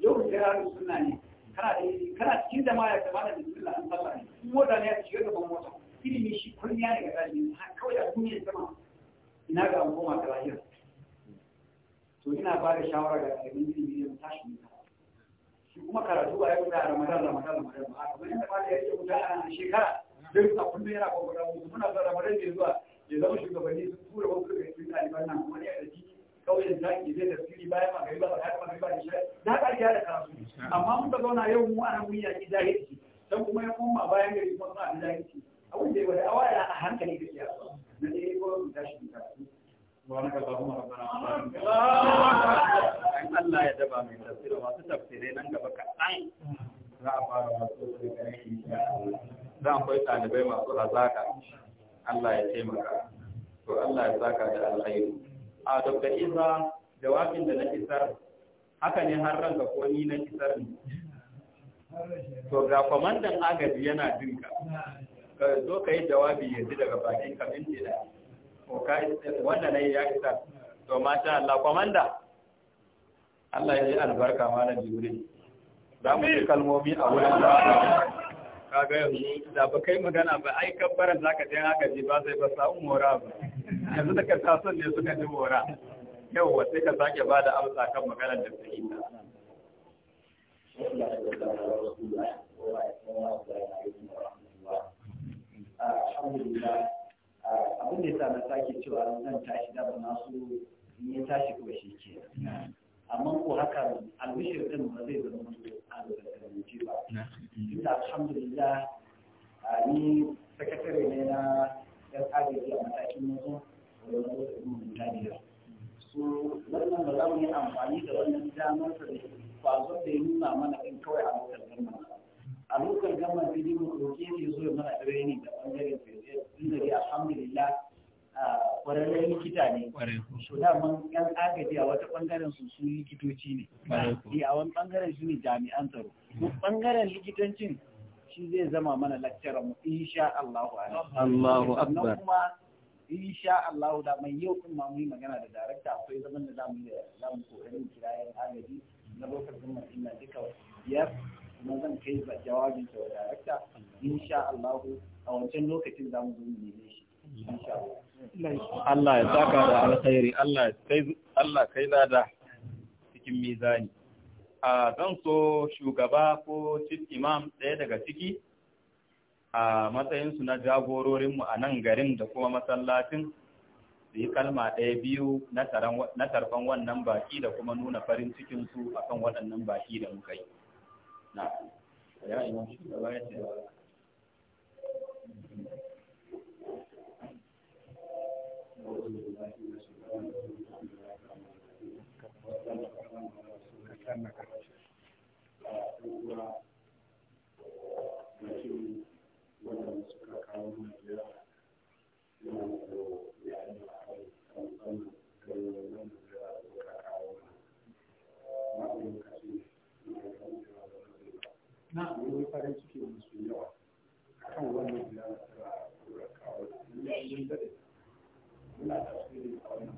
yau da yaro suna ne kana da kana cikin jama'a ya kamata da sunna an sallah ne kuma da ne ya shiga gaban mota ilimi shi kunya ne ga dalili kawai a duniyar sama ina ga an koma ta lahira to ina ba da shawara ga ɗalibin ilimi ne mu tashi mu shi kuma karatu ba ya fita a ramadan ramadan ramadan ba kamar yadda ba da ya ce guda a shekara duk sa kullum yana kwakwara kuma muna ga ramadan ke zuwa ya zama shugabanni sun tura wasu daga cikin ɗaliban nan wani a da kauyen zaki zai tafsiri bayan magariba ba ya magariba ba shi da haka ake da karatu amma mun ta zauna yau mu ana mun yaki zahiri dan kuma ya koma bayan gari kuma suna da zahiri abin da ya wada awaya a hankali da ya na dai ko mu tashi mu karatu subhanaka allahumma rabbana wa bihamdika Allah ya daba mai tafsira masu tafsirai nan gaba kaɗan za a fara masu tafsirai insha Allah za a kai ɗalibai masu hazaka Allah ya taimaka to Allah ya saka da alkhairi a Dr. Isa jawabin da na isar haka ne har ranka ko ni na isar ne. To ga kwamandan agaji yana dinka, ka zo ka yi jawabi yanzu daga bakin ka minti da wanda na yi ya isa To mata Allah kwamanda, Allah ya yi albarka malam Jure. Za mu ji kalmomi a wurin da ga yanzu da ba kai magana ba ai kabbaran zaka je haka ji ba sai ba sa'un mora ba yanzu da ka tason ne suka ji mora yau sai ka sake ba da amsa kan maganar da suke ta alhamdulillah ah, abin da ya na sake cewa zan tashi da na su ne tashi kawai shi ke amma ko haka albishir din ba zai zama musu albarkaranci ba tunda alhamdulillah ah, ni sakatare ne na yan agaji matakin mazo so yi amfani da da ya nuna mana in kawai a mu ne zo da ɓangaren inda alhamdulillah likita ne so daman yan agaji a wata ɓangaren su likitoci ne eh, a wani ɓangaren ne jami'an tsaro ɓangaren likitancin shi zai zama mana lakcarar mu insha Allahu akbar kuma insha Allah da mai yau din ma mun magana da director akwai zaman da zamu yi zamu kokarin kirayen agaji na lokacin ina duka biyar kuma zan kai ba jawabi ta wa darakta insha Allah a wancan lokacin zamu zo mu neme shi insha Allah Allah ya saka da alkhairi Allah kai Allah kai lada cikin mizani a zan so shugaba ko chief imam ɗaya daga ciki a su na jagororinmu a nan garin da kuma masallacin su yi kalma ɗaya biyu na tarfan wannan baki da kuma nuna farin cikinsu a kan waɗannan baki da muka yi. Na, na wani farin ciki masu yawa kan wannan da yin a wannan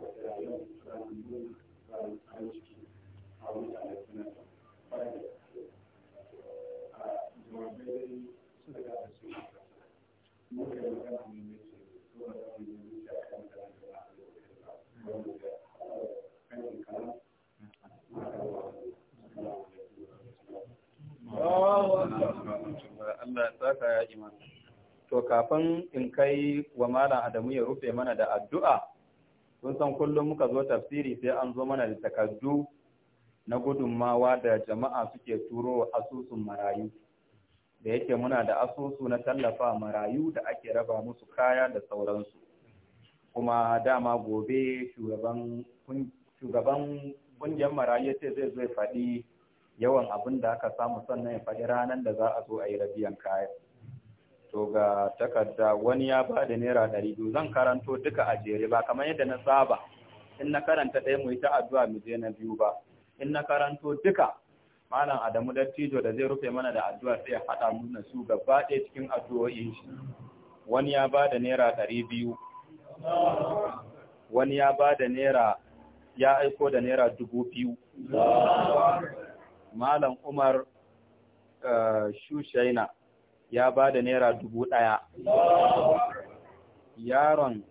ba To kafin in kai wa Malam Adamu ya rufe mana da addu'a, sun san kullum muka zo tafsiri sai an zo mana da takardu na gudunmawa da jama'a suke turo asusun marayu. da yake muna da asusu na tallafa marayu da ake raba musu kaya da sauransu kuma dama gobe shugaban kungiyar marayu ya ce zai zai faɗi yawan abin da aka samu sannan ya faɗi ranar da za a zo a yi rabiyan kaya to ga takarda wani ya ba da naira ɗari biyu zan karanto duka a jere ba kamar yadda na saba in na karanta ɗaya mu yi ta addu'a mu je na biyu ba in na karanto duka malam Adamu dattijo da zai rufe mana da addu'a sai ya haɗa mana su gaba ɗaya cikin addu'o'in shi wani ya ba da naira ɗari biyu wani ya ba da naira ya aiko da naira dubu biyu malam Umar eh, Shushaina ya ba da naira dubu ɗaya. Yaron,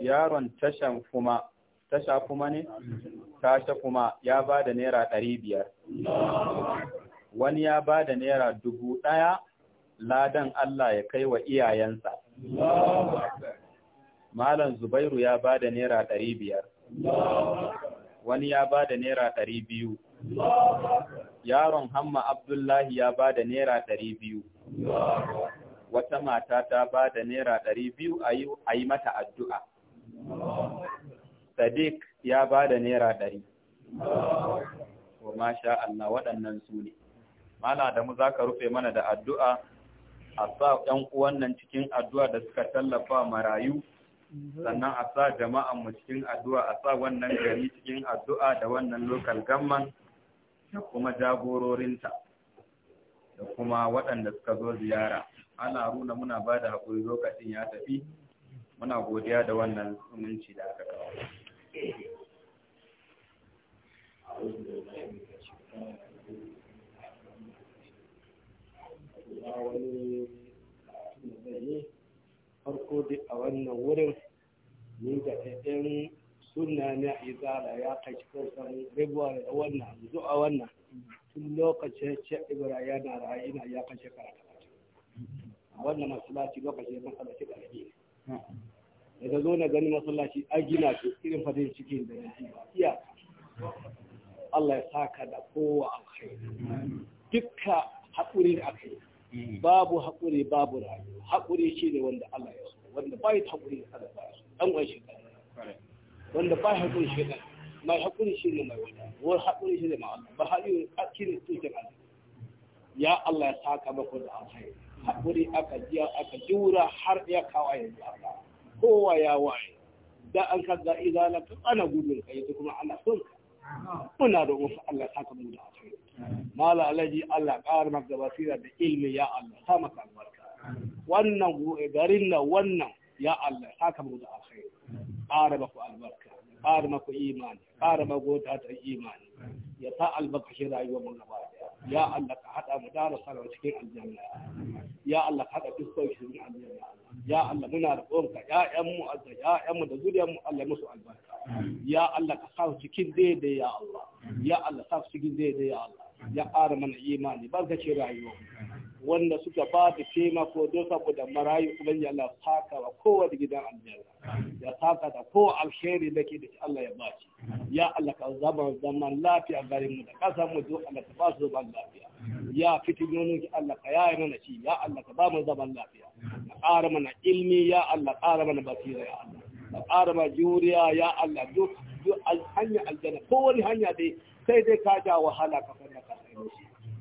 yaron tashan kuma, tasha kuma ne? Tasha kuma ya ba da naira ɗari biyar. wani ya ba da naira dubu ɗaya ladan Allah ya kai wa iyayensa. Malam Zubairu ya ba da naira ɗari biyar, wani ya ba da naira ɗari biyu. Yaron Hamma Abdullahi ya ba da naira ɗari biyu. Wata mata ta ba da naira ɗari biyu a yi mata addu'a. Sadiq ya ba da naira ɗari. wa ma sha Allah waɗannan su ne mala da mu zaka rufe mana da addu'a a sa 'yan uwan cikin addu'a da suka tallafa marayu sannan a sa jama'an mu cikin addu'a a sa wannan gari cikin addu'a da wannan lokal gamman da kuma jagororinta da kuma waɗanda suka zo ziyara ana runa muna ba da haƙuri lokacin ya tafi muna godiya da wannan zumunci da aka kawo wani farko dai a wannan wurin ni da ɗaɗin suna na izala ya kashi kusan rabuwa da wannan zuwa wannan tun lokacin ce ibra yana ra'ayina ya kashe A wannan masallaci lokacin da masallaci ƙarfi daga zo na gani masallaci a gina su irin fadin cikin da na ji ya iya Allah ya saka da kowa alkhairi dukka haƙuri da aka yi mm. babu haƙuri babu rayuwa haƙuri shi ne wanda Allah ya so wanda ba ya haƙuri da Allah ba ya so wani shi wanda ba haƙuri shi ne mai haƙuri shi ne mai wata wani haƙuri shi ne mai Allah ba haƙuri shi ne tukin Allah ya Allah ya saka maka da alkhairi haƙuri aka jiya aka jura har ya kawo yanzu Allah kowa ya waye da an ka kaga idan ana gudun kai kuma ana son ka muna da wasu Allah ya saka mu da alheri mala alaji Allah ƙara maka da basira da ilmi ya Allah sa maka albarka wannan eh, garin nan wannan ya Allah saka mu da alheri ƙara maka albarka ƙara maka imani ƙara maka gota ta imani ya sa shi rayuwar mu gaba ya Allah ka hada mu da rasarar cikin aljanna ya Allah ka hada fuskar cikin aljanna ya Allah muna roƙonka ƴaƴan mu azza ya'yan mu da zuriyar mu Allah musu albarka ya Allah ka sa cikin daidai ya Allah ya Allah sa cikin daidai ya Allah ya ƙara mana imani barkace rayuwa wanda suka ba da taimako don saboda marayu ubangi Allah saka wa kowa da gidan aljanna ya saka da ko alheri da ke da Allah ya ba shi ya Allah ka zama zaman lafiya garin mu da ƙasar mu don Allah ka ba su zaman lafiya ya fitinonin ki Allah ka yaye mana shi ya Allah ka ba mu zaman lafiya ka ƙara mana ilmi ya Allah ƙara mana basira ya Allah ka ƙara mana juriya ya Allah duk hanya aljanna ko wani hanya dai sai dai ka ja wahala ka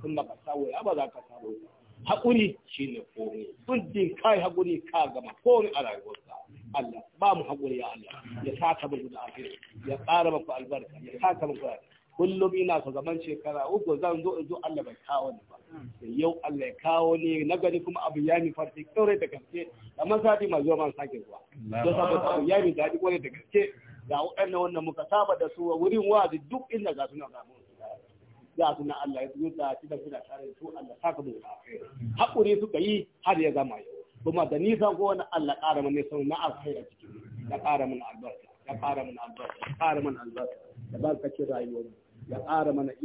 tun da ka samu ya ba za ka samu haƙuri shi ne komai kundin kai haƙuri ka gama komai a rayuwarsa Allah ba mu haƙuri ya Allah ya saka muku da alheri ya ƙara muku albarka ya saka muku da kullum ina ka zaman shekara uku zan zo in zo Allah bai kawo ni ba yau Allah ya kawo ni na gani kuma abu ya mi farti kyaure da gaske da amma sati ma zo man sake zuwa don saboda abu ya mi daɗi kwarai da gaske ga waɗannan wannan muka saba da su wurin wazi duk inda ga suna gamu da sunan Allah ya zo da shi da shi tare su Allah saka mu hakuri suka yi har ya zama yau kuma da nisan ko wani Allah ƙara mana sau na alkhaira ciki ya ƙara mana albarka ya ƙara mana albarka ya ƙara mana albarka ya barkaci rayuwar ya ƙara mana